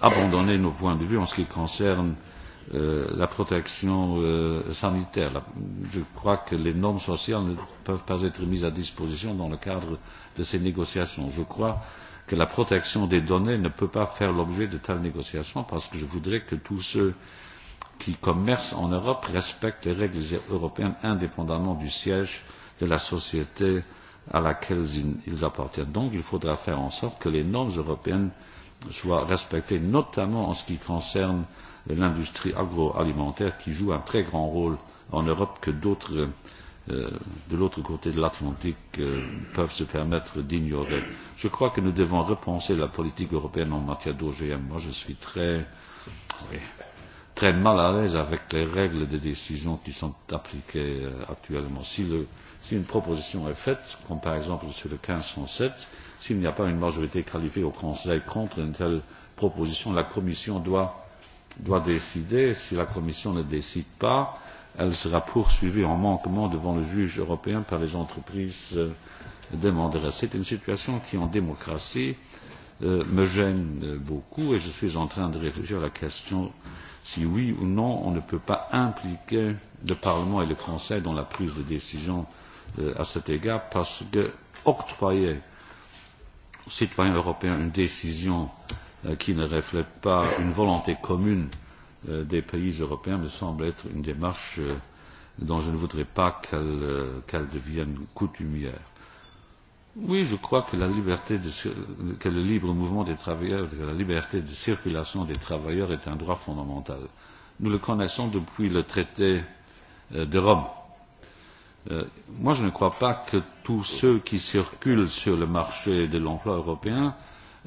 abandonner nos points de vue en ce qui concerne euh, la protection euh, sanitaire. La, je crois que les normes sociales ne peuvent pas être mises à disposition dans le cadre de ces négociations. Je crois que la protection des données ne peut pas faire l'objet de telles négociations parce que je voudrais que tous ceux qui commercent en Europe respectent les règles européennes indépendamment du siège de la société à laquelle ils appartiennent. Donc il faudra faire en sorte que les normes européennes soient respectées, notamment en ce qui concerne l'industrie agroalimentaire qui joue un très grand rôle en Europe que d'autres euh, de l'autre côté de l'Atlantique euh, peuvent se permettre d'ignorer. Je crois que nous devons repenser la politique européenne en matière d'OGM. Moi, je suis très très mal à l'aise avec les règles de décision qui sont appliquées euh, actuellement. Si, le, si une proposition est faite, comme par exemple sur le 1507, s'il n'y a pas une majorité qualifiée au Conseil contre une telle proposition, la Commission doit, doit décider. Si la Commission ne décide pas, elle sera poursuivie en manquement devant le juge européen par les entreprises euh, demandées. C'est une situation qui, en démocratie, euh, Euh, me gêne euh, beaucoup et je suis en train de réfléchir à la question si oui ou non on ne peut pas impliquer le Parlement et le Conseil dans la prise de décision euh, à cet égard parce que octroyer aux citoyens européens une décision qui ne reflète pas une volonté commune des pays européens me semble être une démarche dont je ne voudrais pas qu'elle devienne coutumière. Oui, je crois que la liberté de, que le libre mouvement des travailleurs, que la liberté de circulation des travailleurs est un droit fondamental. Nous le connaissons depuis le traité euh, de Rome. Euh, moi, je ne crois pas que tous ceux qui circulent sur le marché de l'emploi européen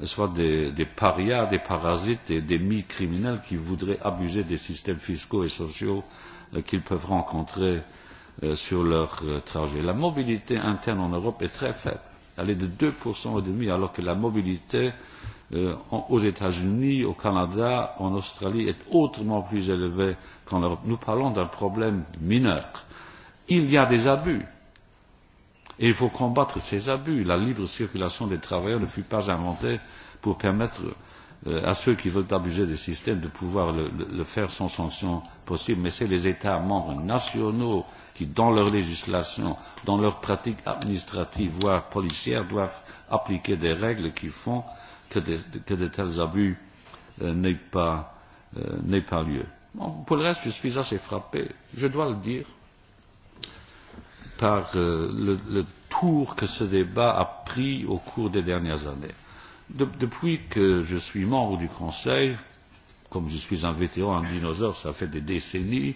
soient des, des parias, des parasites et des mi-criminels qui voudraient abuser des systèmes fiscaux et sociaux euh, qu'ils peuvent rencontrer euh, sur leur euh, trajet. La mobilité interne en Europe est très faible elle est de 2% et demi alors que la mobilité euh, aux États-Unis, au Canada, en Australie est autrement plus élevée qu'en Europe. Nous parlons d'un problème mineur. Il y a des abus. Et il faut combattre ces abus. La libre circulation des travailleurs ne fut pas inventée pour permettre Euh, à ceux qui veulent abuser des systèmes de pouvoir le, le, le faire sans sanction possible, mais c'est les États membres nationaux qui, dans leur législation, dans leurs pratiques administratives, voire policières, doivent appliquer des règles qui font que, des, que de tels abus euh, n'aient pas, euh, pas lieu. Bon, pour le reste, je suis assez frappé, je dois le dire, par euh, le, le tour que ce débat a pris au cours des dernières années De, depuis que je suis membre du Conseil, comme je suis un vétéran, un dinosaure, ça fait des décennies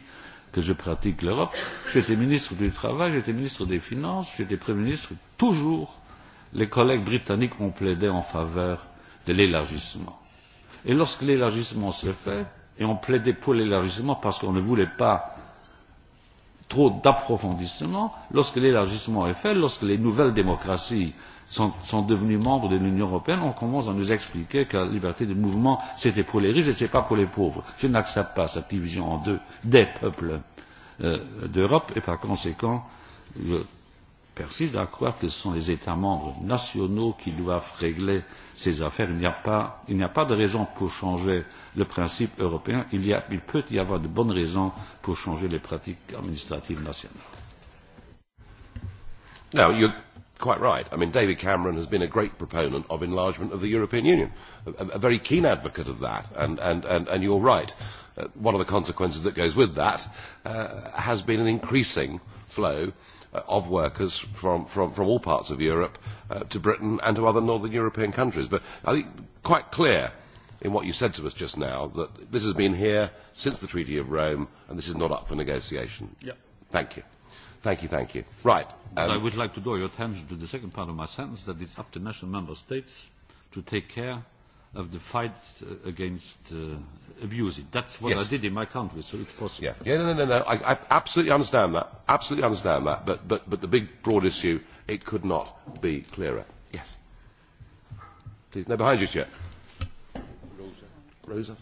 que je pratique l'Europe. J'étais ministre du Travail, j'étais ministre des Finances, j'étais Premier ministre. Toujours, les collègues britanniques ont plaidé en faveur de l'élargissement. Et lorsque l'élargissement se fait, et on plaidait pour l'élargissement parce qu'on ne voulait pas trop d'approfondissement lorsque l'élargissement est fait lorsque les nouvelles démocraties sont, sont devenues membres de l'union européenne on commence à nous expliquer que la liberté de mouvement c'était pour les riches et ce n'est pas pour les pauvres. je n'accepte pas cette division en deux des peuples euh, d'europe et par conséquent je persiste à croire que ce sont les États membres nationaux qui doivent régler ces affaires. Il n'y a pas, a pas de raison pour changer le principe européen. Il, y a, il peut y avoir de bonnes raisons pour changer les pratiques administratives nationales. Now, you're quite right. I mean, David Cameron has been a great proponent of enlargement of the European Union, a, a very keen advocate of that, and, and, and, and you're right. Uh, one of the consequences that goes with that uh, has been an increasing flow Uh, of workers from, from, from all parts of Europe uh, to Britain and to other northern European countries. But I think quite clear in what you said to us just now that this has been here since the Treaty of Rome and this is not up for negotiation. Yep. Thank you. Thank you, thank you. Right. Um, I would like to draw your attention to the second part of my sentence that it's up to national member states to take care of the fight uh, against uh, abuse. That's what yes. I did in my country, so it's possible. Yeah, yeah no, no, no. no. I, I absolutely understand that. Absolutely understand that. But, but, but the big, broad issue, it could not be clearer. Yes. Please, no, behind you, sir. Rosa. Rosa.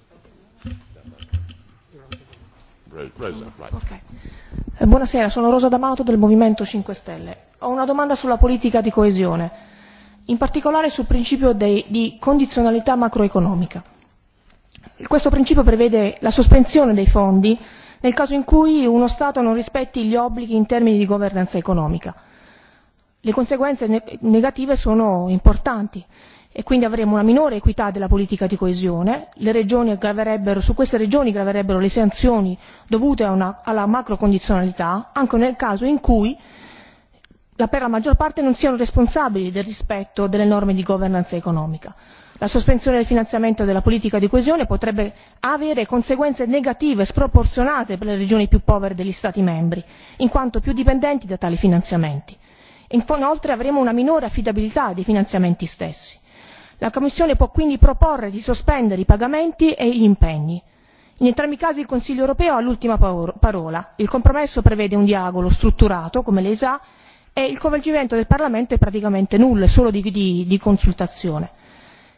Rosa, right. okay. Buonasera, sono Rosa D'Amato del Movimento 5 Stelle. Ho una domanda sulla politica di coesione in particolare sul principio di condizionalità macroeconomica. questo principio prevede la sospensione dei fondi nel caso in cui uno stato non rispetti gli obblighi in termini di governanza economica. le conseguenze negative sono importanti e quindi avremo una minore equità della politica di coesione le regioni su queste regioni graverebbero le sanzioni dovute una, alla macrocondizionalità anche nel caso in cui la, per la maggior parte non siano responsabili del rispetto delle norme di governance economica. la sospensione del finanziamento della politica di coesione potrebbe avere conseguenze negative sproporzionate per le regioni più povere degli stati membri in quanto più dipendenti da tali finanziamenti. inoltre avremo una minore affidabilità dei finanziamenti stessi. la commissione può quindi proporre di sospendere i pagamenti e gli impegni in entrambi i casi il consiglio europeo ha l'ultima parola il compromesso prevede un dialogo strutturato come lei sa e il coinvolgimento del parlamento è praticamente nullo è solo di, consultazione.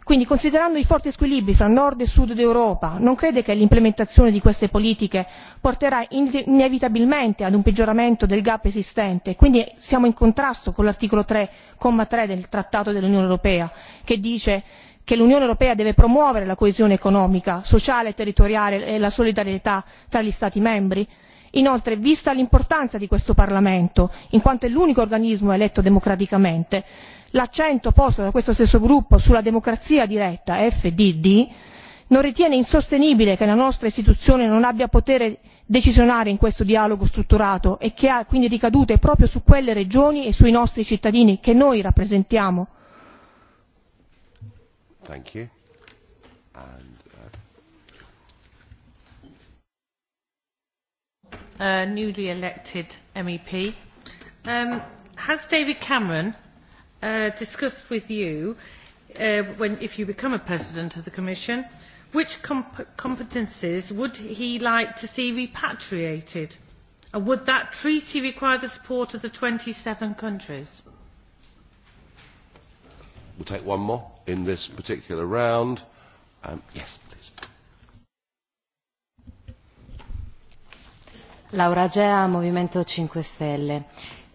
quindi considerando i forti squilibri fra nord e sud d'europa non crede che l'implementazione di queste politiche porterà inevitabilmente ad un peggioramento del gap esistente quindi siamo in contrasto con l'articolo tre comma tre del trattato dell'unione europea che dice che l'unione europea deve promuovere la coesione economica sociale e territoriale e la solidarietà tra gli stati membri? inoltre vista l'importanza di questo parlamento in quanto è l'unico organismo eletto democraticamente l'accento posto da questo stesso gruppo sulla democrazia diretta fdd non ritiene insostenibile che la nostra istituzione non abbia potere decisionale in questo dialogo strutturato e che ha quindi ricadute proprio su quelle regioni e sui nostri cittadini che noi rappresentiamo? Uh, uh, newly elected MEP. Um, has David Cameron uh, discussed with you, uh, when, if you become a President of the Commission, which comp competences would he like to see repatriated? And would that treaty require the support of the 27 countries? We'll take one more in this particular round. Um, yes, please. Laura Gea, Movimento 5 Stelle.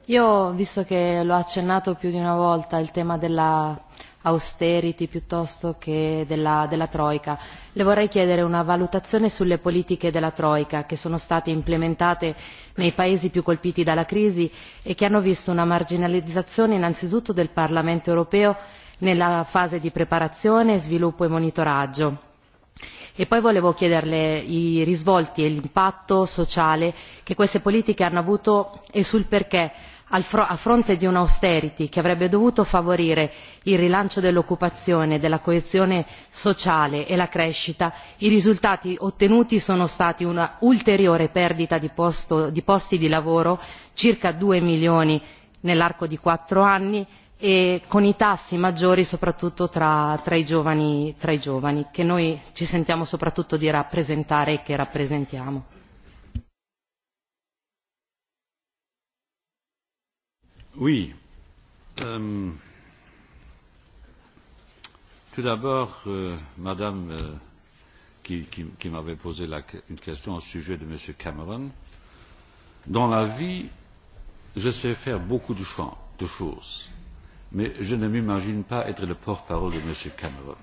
Io, visto che l'ho accennato più di una volta, il tema della austerity piuttosto che della, della Troica, le vorrei chiedere una valutazione sulle politiche della Troica che sono state implementate nei paesi più colpiti dalla crisi e che hanno visto una marginalizzazione innanzitutto del Parlamento europeo nella fase di preparazione, sviluppo e monitoraggio e poi volevo chiederle i risvolti e l'impatto sociale che queste politiche hanno avuto e sul perché a fronte di un che avrebbe dovuto favorire il rilancio dell'occupazione della coesione sociale e la crescita i risultati ottenuti sono stati un'ulteriore perdita di posti di lavoro circa due milioni nell'arco di quattro anni e con i tassi maggiori soprattutto tra, tra, i giovani, tra i giovani che noi ci sentiamo soprattutto di rappresentare e che rappresentiamo. Oui. Euh, tout d'abord, euh, Madame euh, qui, qui, qui m'avait posé la, une question au sujet de Monsieur Cameron, dans la vie, je sais faire beaucoup de, choix de choses mais je ne m'imagine pas être le porte-parole de M. Cameron.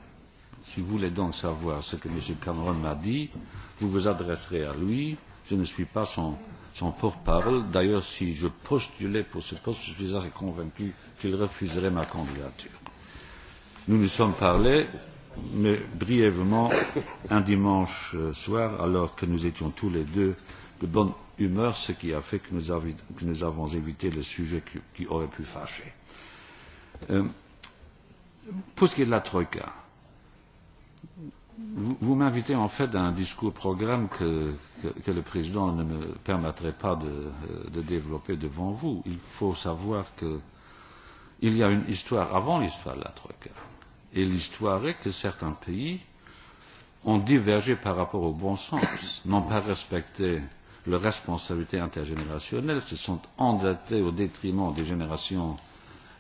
Si vous voulez donc savoir ce que M. Cameron m'a dit, vous vous adresserez à lui. Je ne suis pas son, son porte-parole. D'ailleurs, si je postulais pour ce poste, je suis assez convaincu qu'il refuserait ma candidature. Nous nous sommes parlé, mais brièvement, un dimanche euh, soir, alors que nous étions tous les deux de bonne humeur, ce qui a fait que nous, avons évité le sujet qui aurait pu fâcher. Euh, Pour ce qui est de la Troïka, vous, vous m'invitez en fait à un discours programme que, que, que le président ne me permettrait pas de, euh, de développer devant vous. Il faut savoir qu'il y a une histoire avant l'histoire de la Troïka. Et l'histoire est que certains pays ont divergé par rapport au bon sens, n'ont pas respecté leurs responsabilités intergénérationnelles, se sont endettés au détriment des générations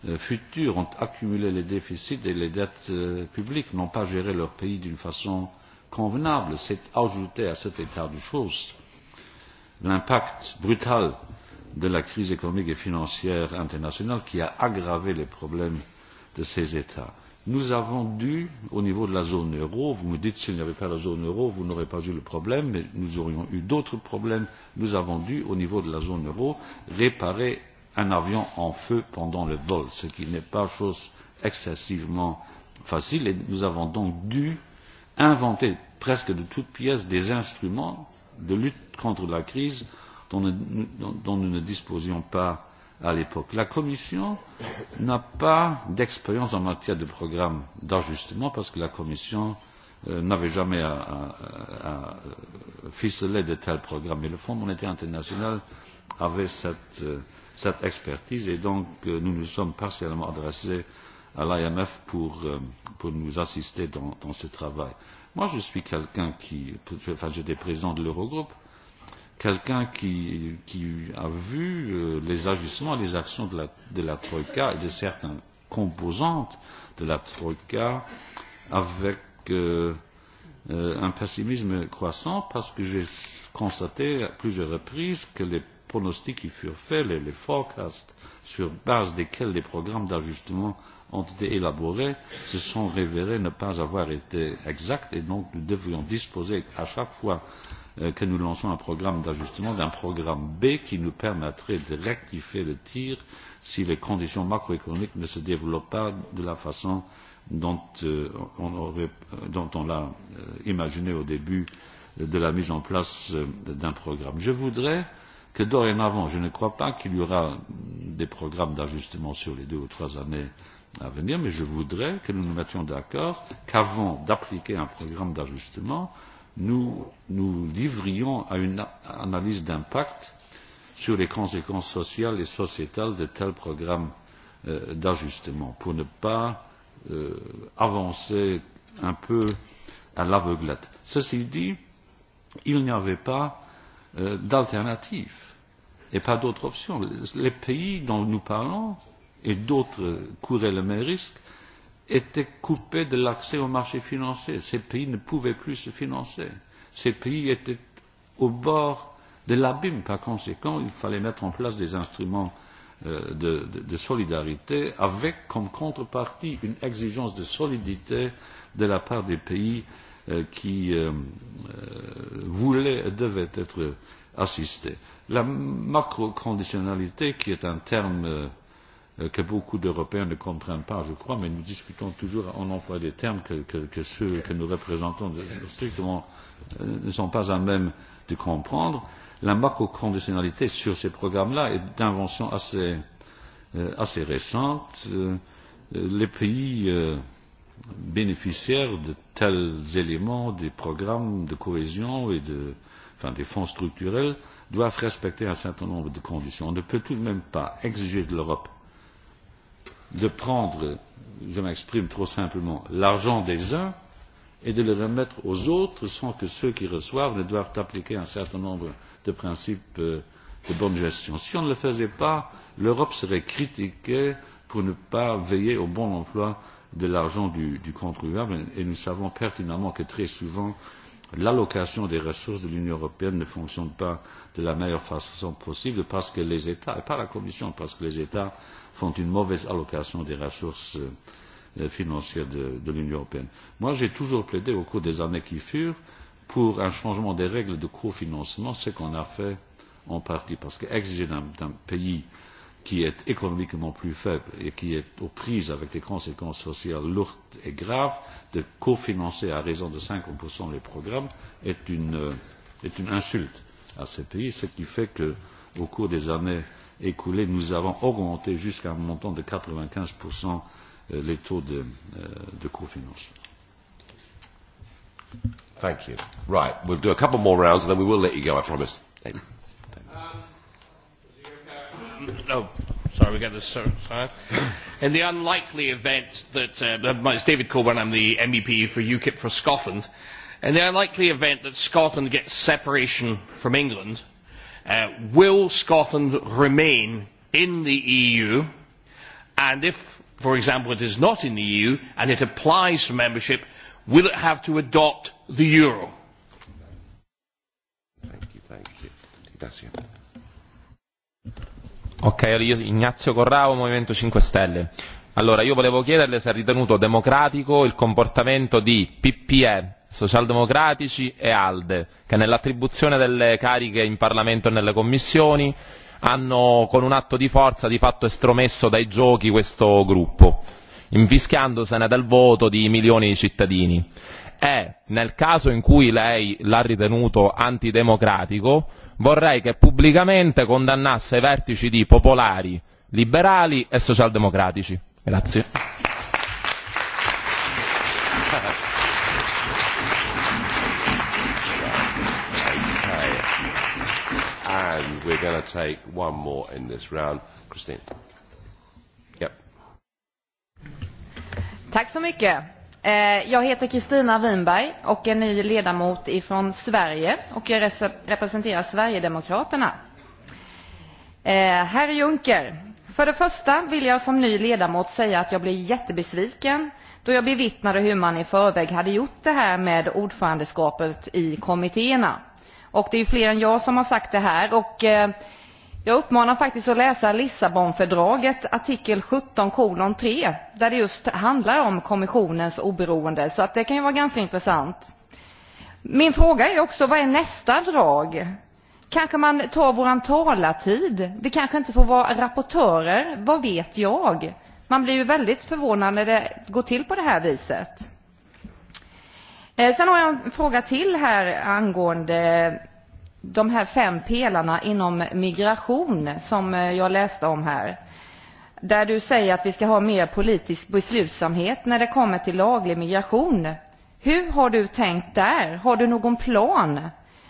Euh, futures ont accumulé les déficits et les dettes euh, publiques n'ont pas géré leur pays d'une façon convenable. c'est ajouter à cet état de choses l'impact brutal de la crise économique et financière internationale qui a aggravé les problèmes de ces états. nous avons dû au niveau de la zone euro vous me dites s'il n'y avait pas la zone euro vous n'aurez pas eu le problème mais nous aurions eu d'autres problèmes nous avons dû au niveau de la zone euro réparer un avion en feu pendant le vol, ce qui n'est pas chose excessivement facile. Et nous avons donc dû inventer presque de toutes pièces des instruments de lutte contre la crise dont nous, dont nous ne disposions pas à l'époque. La Commission n'a pas d'expérience en matière de programme d'ajustement parce que la Commission euh, n'avait jamais à, à, à ficeler de tels programmes. Mais le Fonds monétaire international avait cette euh, cette expertise et donc euh, nous nous sommes partiellement adressés à l'IMF pour, euh, pour nous assister dans, dans ce travail. Moi, je suis quelqu'un qui, enfin, j'étais président de l'Eurogroupe, quelqu'un qui, qui a vu euh, les et les actions de la, de la Troïka et de certaines composantes de la Troïka avec euh, un pessimisme croissant parce que j'ai constaté à plusieurs reprises que les pronostics qui furent faits, les, les forecasts sur base desquels les programmes d'ajustement ont été élaborés se sont révélés ne pas avoir été exacts et donc nous devrions disposer à chaque fois euh, que nous lançons un programme d'ajustement d'un programme B qui nous permettrait de rectifier le tir si les conditions macroéconomiques ne se développent pas de la façon dont, euh, on, aurait, euh, dont on l'a euh, imaginé au début de la mise en place euh, d'un programme. Je voudrais que dorénavant, je ne crois pas qu'il y aura des programmes d'ajustement sur les deux ou trois années à venir, mais je voudrais que nous nous mettions d'accord qu'avant d'appliquer un programme d'ajustement, nous nous livrions à une analyse d'impact sur les conséquences sociales et sociétales de tels programmes euh, d'ajustement, pour ne pas euh, avancer un peu à l'aveuglette. Ceci dit, il n'y avait pas Euh, d'alternatives et pas d'autre option. Les pays dont nous parlons et d'autres couraient le même risque étaient coupés de l'accès au marché financier. Ces pays ne pouvaient plus se financer. Ces pays étaient au bord de l'abîme. Par conséquent, il fallait mettre en place des instruments euh, de, de, de solidarité avec comme contrepartie une exigence de solidité de la part des pays Euh, qui euh, euh, voulaient et devaient être assistés. La macroconditionnalité, qui est un terme que beaucoup d'Européens ne comprennent pas, je crois, mais nous discutons toujours, on emploie des termes que, que, que ceux que nous représentons strictement ne sont pas à même de comprendre. La macroconditionnalité sur ces programmes-là est d'invention assez, assez récente. Les pays bénéficiaires de tels éléments des programmes de cohésion et de, enfin, des fonds structurels doivent respecter un certain nombre de conditions. On ne peut tout de même pas exiger de l'Europe de prendre, je m'exprime trop simplement, l'argent des uns et de le remettre aux autres sans que ceux qui reçoivent ne doivent appliquer un certain nombre de principes euh, de bonne gestion. Si on ne le faisait pas, l'Europe serait critiquée pour ne pas veiller au bon emploi de l'argent du, du contribuable et nous savons pertinemment que très souvent l'allocation des ressources de l'Union européenne ne fonctionne pas de la meilleure façon possible parce que les États, et pas la Commission, parce que les États font une mauvaise allocation des ressources euh, financières de, de l'Union européenne. Moi, j'ai toujours plaidé au cours des années qui furent pour un changement des règles de cofinancement, ce qu'on a fait en partie, parce qu'exiger d'un pays euh, qui est économiquement plus faible et qui est aux prises avec des conséquences sociales lourdes et graves de cofinancer à raison de cinquante les programmes est une, euh, est une insulte à ces pays, ce qui fait que au cours des années écoulées, nous avons augmenté jusqu'à un montant de 95% euh, les taux de, euh, de cofinancement. Thank you. Right, we'll do a couple more rounds and then we will let you go, I promise. Thank you. Um, Mm, oh, sorry, we In the unlikely event that uh, it's David Coburn, I'm the MEP for UKIP for Scotland. In the unlikely event that Scotland gets separation from England, uh, will Scotland remain in the EU? And if, for example, it is not in the EU and it applies for membership, will it have to adopt the euro? Thank you, thank you. Ok, io Ignazio Corrao, Movimento 5 Stelle. Allora, io volevo chiederle se ha ritenuto democratico il comportamento di PPE, Socialdemocratici e ALDE, che nell'attribuzione delle cariche in Parlamento e nelle commissioni hanno con un atto di forza di fatto estromesso dai giochi questo gruppo, infischiandosene dal voto di milioni di cittadini e nel caso in cui lei l'ha ritenuto antidemocratico vorrei che pubblicamente condannasse i vertici di popolari liberali e socialdemocratici. Grazie. And we're going Eh, jag heter Kristina Winberg och är ny ledamot ifrån Sverige och jag representerar Sverigedemokraterna. Eh, herr Juncker, för det första vill jag som ny ledamot säga att jag blev jättebesviken då jag bevittnade hur man i förväg hade gjort det här med ordförandeskapet i kommittéerna. Och det är fler än jag som har sagt det här. och eh, jag uppmanar faktiskt att läsa lissabonfördraget artikel 17 kolon 3 där det just handlar om kommissionens oberoende så att det kan ju vara ganska intressant. Min fråga är också vad är nästa drag? Kanske man tar våran talartid? Vi kanske inte får vara rapportörer, vad vet jag? Man blir ju väldigt förvånad när det går till på det här viset. Eh, sen har jag en fråga till här angående de här fem pelarna inom migration som eh, jag läste om här där du säger att vi ska ha mer politisk beslutsamhet när det kommer till laglig migration. Hur har du tänkt där? Har du någon plan?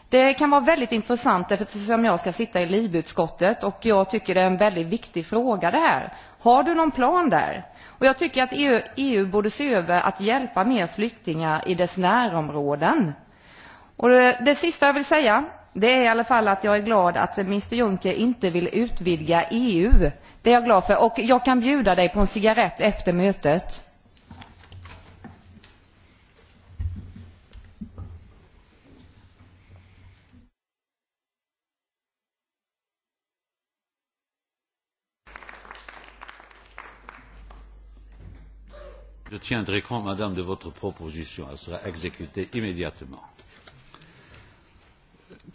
Det kan vara väldigt intressant eftersom jag ska sitta i livutskottet och jag tycker det är en väldigt viktig fråga det här. Har du någon plan där? Och jag tycker att EU, EU borde se över att hjälpa mer flyktingar i dess närområden. Och det, det sista jag vill säga det är i alla fall att jag är glad att Mr Juncker inte vill utvidga EU. Det är jag glad för. Och jag kan bjuda dig på en cigarett efter mötet. Je tiendrai compte, madame, de votre proposition. Elle sera exécutée immédiatement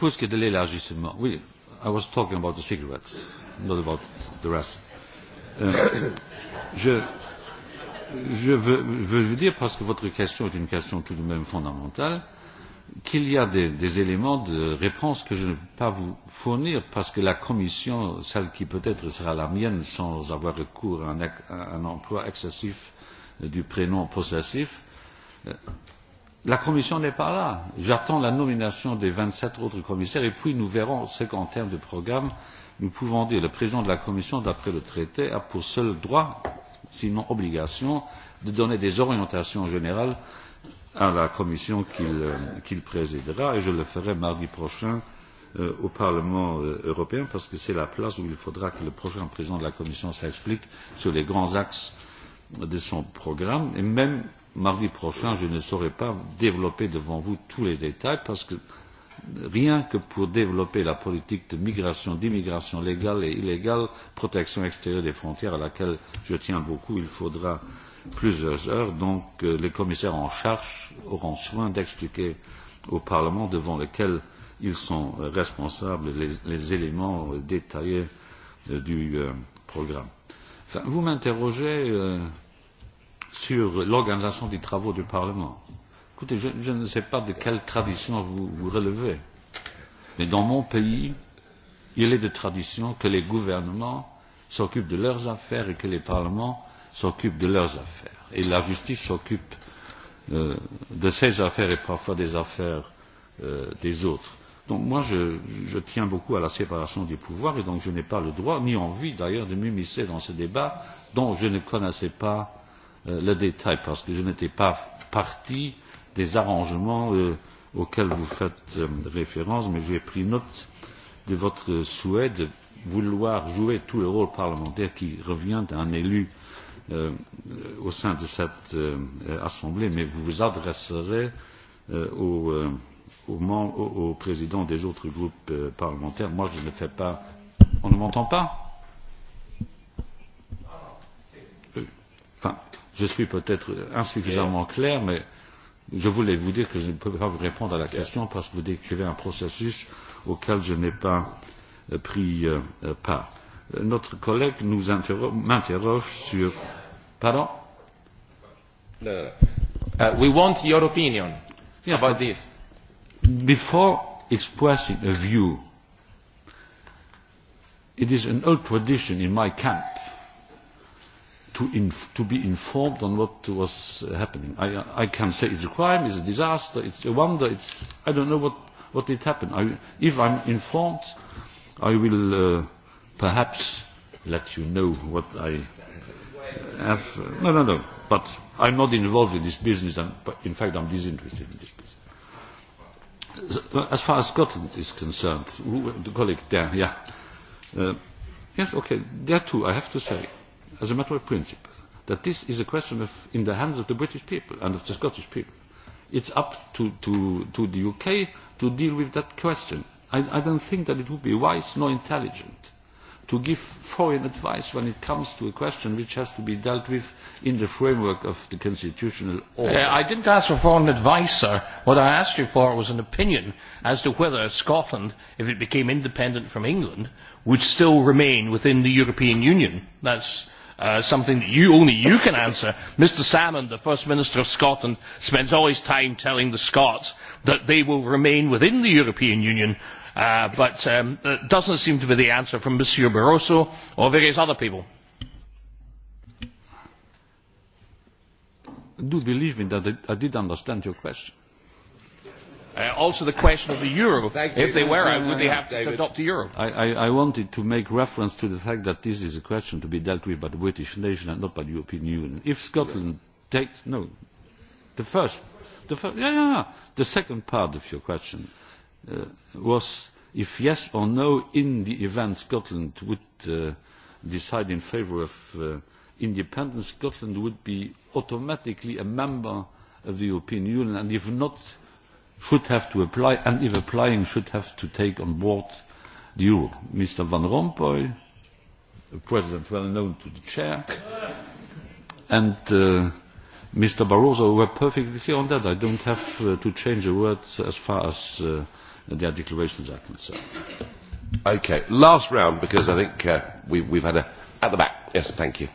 pour de l'élargissement, oui, I was talking about the cigarettes, not about the rest. Um, je je veux, veux vous dire, parce que votre question est une question tout de même fondamentale, qu'il y a des, des éléments de réponse que je ne peux pas vous fournir parce que la commission, celle qui peut-être sera la mienne sans avoir recours à un, à un emploi excessif du prénom possessif, euh, la commission n'est pas là. J'attends la nomination des vingt sept autres commissaires et puis nous verrons ce qu'en termes de programme nous pouvons dire. Le président de la commission, d'après le traité, a pour seul droit, sinon obligation, de donner des orientations générales à la commission qu'il euh, qu présidera et je le ferai mardi prochain euh, au Parlement euh, européen parce que c'est la place où il faudra que le prochain président de la commission s'explique sur les grands axes de son programme et même mardi prochain, je ne saurais pas développer devant vous tous les détails parce que rien que pour développer la politique de migration, d'immigration légale et illégale, protection extérieure des frontières à laquelle je tiens beaucoup, il faudra plusieurs heures. Donc euh, les commissaires en charge auront soin d'expliquer au Parlement devant lequel ils sont responsables les, les éléments euh, détaillés euh, du programme. Enfin, vous m'interrogez sur l'organisation des travaux du Parlement. Écoutez, je, je ne sais pas de quelle tradition vous, vous relevez, mais dans mon pays, il est de tradition que les gouvernements s'occupent de leurs affaires et que les parlements s'occupent de leurs affaires. Et la justice s'occupe euh, de ses affaires et parfois des affaires euh, des autres. Donc moi, je, je tiens beaucoup à la séparation des pouvoirs et donc je n'ai pas le droit, ni envie d'ailleurs, de m'immiscer dans ce débat dont je ne connaissais pas Euh, le détail parce que je n'étais pas partie des arrangements euh, auxquels vous faites euh, référence mais j'ai pris note de votre souhait de vouloir jouer tout le rôle parlementaire qui revient à un élu au sein de cette assemblée mais vous vous adresserez aux au président des autres groupes parlementaires. Moi, je ne fais pas. On ne m'entend pas Enfin, je suis peut-être insuffisamment clair, mais je voulais vous dire que je ne peux pas vous répondre à la question parce que vous décrivez un processus auquel je n'ai pas euh, pris euh, part. Euh, notre collègue nous m'interroge sur... Pardon Uh, We want your opinion yes, about this. Before expressing a view, it is an old tradition in my camp to, inf to be informed on what was uh, happening. I, I can say it's a crime, it's a disaster, it's a wonder, it's, I don't know what, what did happen. I, if I'm informed, I will uh, perhaps let you know what I have. Uh, no, no, no. But I'm not involved in this business. and in fact, I'm disinterested in this business. As far as Scotland is concerned, the colleague there, yeah. yes, okay, there too, I have to say as a matter of principle that this is a question of in the hands of the British people and of the Scottish people. It's up to, to, the UK to deal with that question. I, I don't think that it would be wise nor intelligent to give foreign advice when it comes to a question which has to be dealt with in the framework of the constitutional order. Uh, I didn't ask for foreign advice, sir. What I asked you for was an opinion as to whether Scotland, if it became independent from England, would still remain within the European Union. That's Uh, something that you, only you can answer. Mr Salmon, the First Minister of Scotland, spends all his time telling the Scots that they will remain within the European Union, uh, but um, that does not seem to be the answer from Monsieur Barroso or various other people. Do believe me that I did understand your question. Uh, also the question of the euro. Thank if you. they were, no, would they have David. to adopt the euro? I, I, I wanted to make reference to the fact that this is a question to be dealt with by the British nation and not by the European Union. If Scotland takes... No. The first... The, first, yeah, yeah, yeah. the second part of your question uh, was if yes or no, in the event Scotland would uh, decide in favour of uh, independence, Scotland would be automatically a member of the European Union, and if not, should have to apply and if applying should have to take on board the euro. Mr Van Rompuy, a president well known to the chair, and uh, Mr Barroso were perfectly clear on that. I don't have uh, to change a word as far as uh, their declarations are concerned. Okay, last round because I think we, we've had a... At the back, yes, thank you.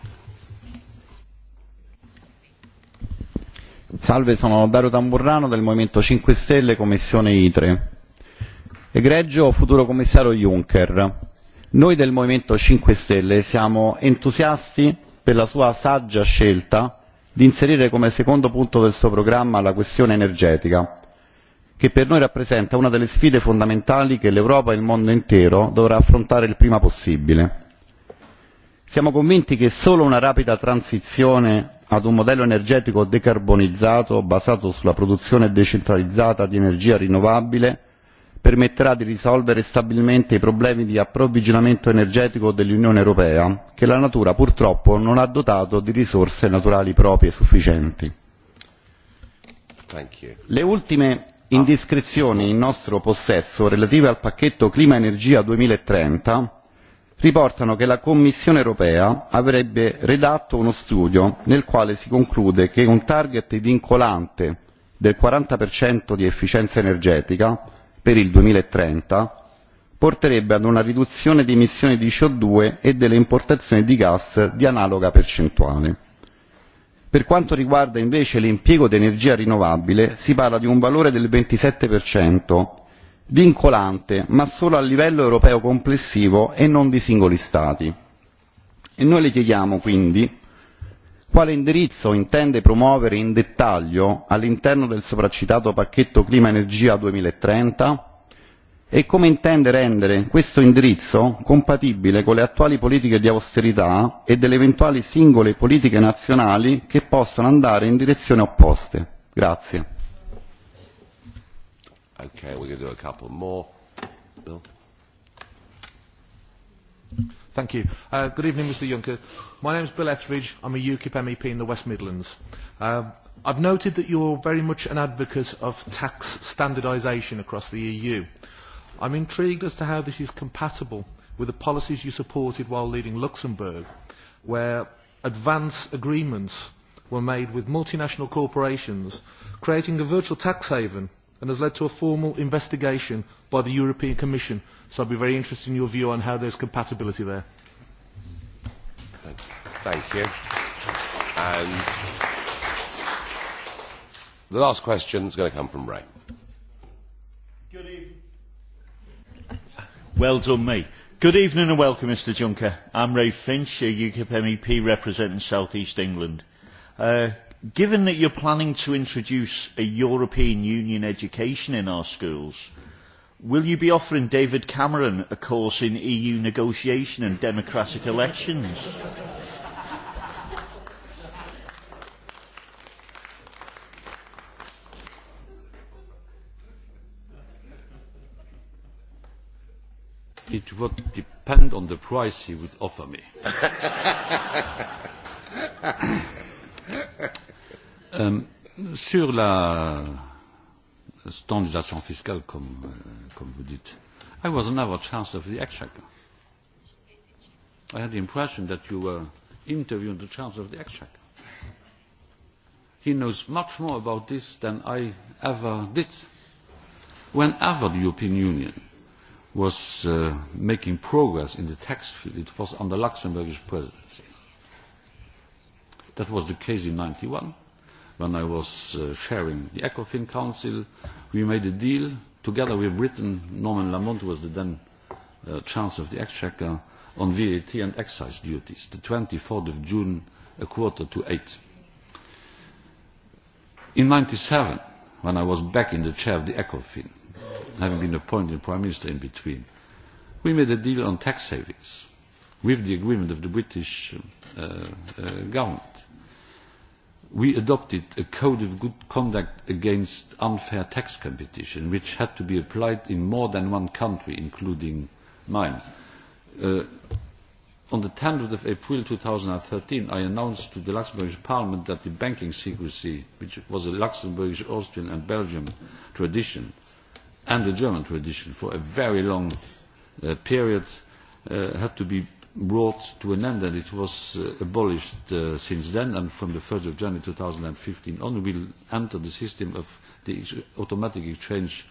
salve sono Dario Tamburrano del Movimento 5 Stelle Commissione ITRE egregio futuro commissario Juncker noi del Movimento 5 Stelle siamo entusiasti per la sua saggia scelta di inserire come secondo punto del suo programma la questione energetica che per noi rappresenta una delle sfide fondamentali che l'Europa e il mondo intero dovrà affrontare il prima possibile siamo convinti che solo una rapida transizione ad un modello energetico decarbonizzato basato sulla produzione decentralizzata di energia rinnovabile permetterà di risolvere stabilmente i problemi di approvvigionamento energetico dell'unione europea che la natura purtroppo non ha dotato di risorse naturali proprie sufficienti. le ultime indiscrezioni in nostro possesso relative al pacchetto clima energia duemilatrenta riportano che la commissione europea avrebbe redatto uno studio nel quale si conclude che un target vincolante del quaranta di efficienza energetica per il duemilatrenta porterebbe ad una riduzione di emissioni di co due e delle importazioni di gas di analoga percentuale. per quanto riguarda invece l'impiego di energia rinnovabile si parla di un valore del ventisette vincolante ma solo a livello europeo complessivo e non di singoli stati e noi le chiediamo quindi quale indirizzo intende promuovere in dettaglio all'interno del sopracitato pacchetto clima energia duemilatrenta e come intende rendere questo indirizzo compatibile con le attuali politiche di austerità e delle eventuali singole politiche nazionali che possano andare in direzioni opposte. Okay, we're going to do a couple more. Bill? Thank you. Uh, good evening, Mr Juncker. My name is Bill Etheridge. I'm a UKIP MEP in the West Midlands. Um, I've noted that you're very much an advocate of tax standardisation across the EU. I'm intrigued as to how this is compatible with the policies you supported while leading Luxembourg, where advance agreements were made with multinational corporations, creating a virtual tax haven and has led to a formal investigation by the European Commission. So I'd be very interested in your view on how is compatibility there. Thank you. And the last question is going to come from Ray. Good evening. Well done, me. Good evening and welcome, Mr Juncker. I'm Ray Finch, a UKIP e MEP representing South East England. Uh, given that you're planning to introduce a European Union education in our schools, will you be offering David Cameron a course in EU negotiation and democratic elections? It would depend on the price he would offer me. Euh, sur la standardisation fiscale, comme, euh, comme vous dites, I was never chancellor of the exchequer. I had the impression that you were interviewing the chancellor of the exchequer. He knows much more about this than I ever did. Whenever the European Union was uh, making progress in the tax field, it was under Luxembourgish presidency. That was the case in 91 when I was uh, chairing the ECOFIN Council, we made a deal together with Britain, Norman Lamont was the then uh, Chancellor of the Exchequer, on VAT and excise duties, the 24th of June, a quarter to eight. In 97, when I was back in the chair of the ECOFIN, having been appointed Prime Minister in between, we made a deal on tax savings with the agreement of the British uh, government we adopted a code of good conduct against unfair tax competition which had to be applied in more than one country including mine. Uh, on the 10th of April 2013 I announced to the Luxembourgish Parliament that the banking secrecy which was a Luxembourgish, Austrian and Belgian tradition and a German tradition for a very long uh, period uh, had to be brought to an end and it was uh, abolished uh, since then and from the 1st of January 2015 on we will enter the system of the automatic exchange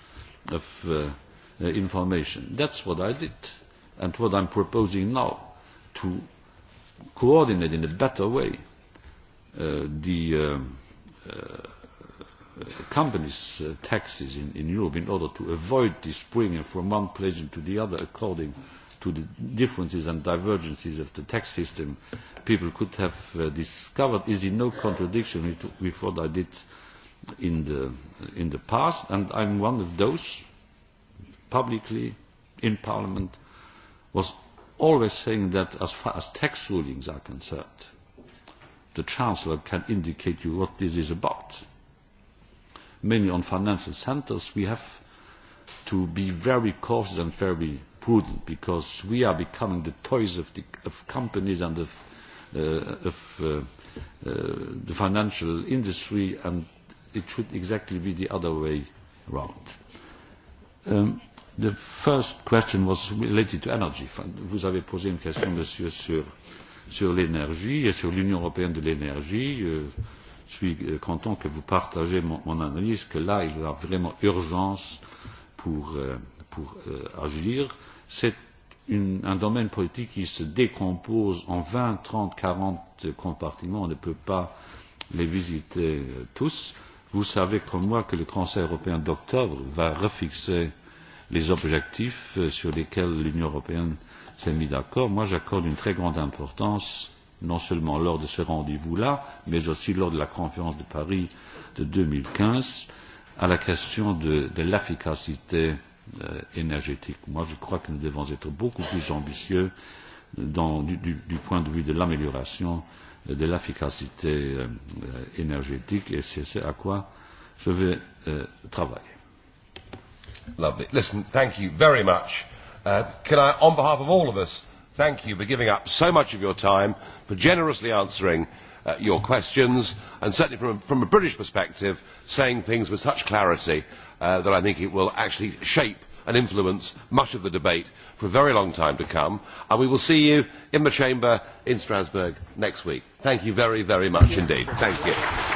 of uh, uh, information. That's what I did and what I'm proposing now to coordinate in a better way uh, the um, uh, companies' taxes in, in Europe in order to avoid this bringing from one place into the other according to the differences and divergences of the tax system people could have uh, discovered is in no contradiction with what I did in the, in the past and I'm one of those publicly in parliament was always saying that as far as tax rulings are concerned the chancellor can indicate you what this is about mainly on financial centers we have to be very cautious and very prudent because we are becoming the toys of, the, of companies and of, uh, of uh, uh, the financial industry and it should exactly be the other way round. Um, the first question was related to energy. Vous avez posé une question, monsieur, sur, sur l'énergie et sur l'Union européenne de l'énergie. Euh, je suis euh, content que vous partagez mon, mon analyse que là, il y a vraiment urgence pour, euh, pour agir c'est un domaine politique qui se décompose en 20, 30, 40 compartiments. On ne peut pas les visiter tous. Vous savez comme moi que le Conseil européen d'octobre va refixer les objectifs sur lesquels l'Union européenne s'est mise d'accord. Moi, j'accorde une très grande importance, non seulement lors de ce rendez-vous-là, mais aussi lors de la conférence de Paris de 2015, à la question de, de l'efficacité Euh, énergétique. Moi, je crois que nous devons être beaucoup plus ambitieux dans, du, du, du point de vue de l'amélioration de l'efficacité euh, énergétique et c'est ce à quoi je vais euh, travailler. Lovely. Listen, thank you very much. Uh, can I, on behalf of all of us, thank you for giving up so much of your time, for generously answering uh, your questions, and certainly from a, from a British perspective, saying things with such clarity Uh, that I think it will actually shape and influence much of the debate for a very long time to come. And we will see you in the Chamber in Strasbourg next week. Thank you very, very much indeed. Thank you.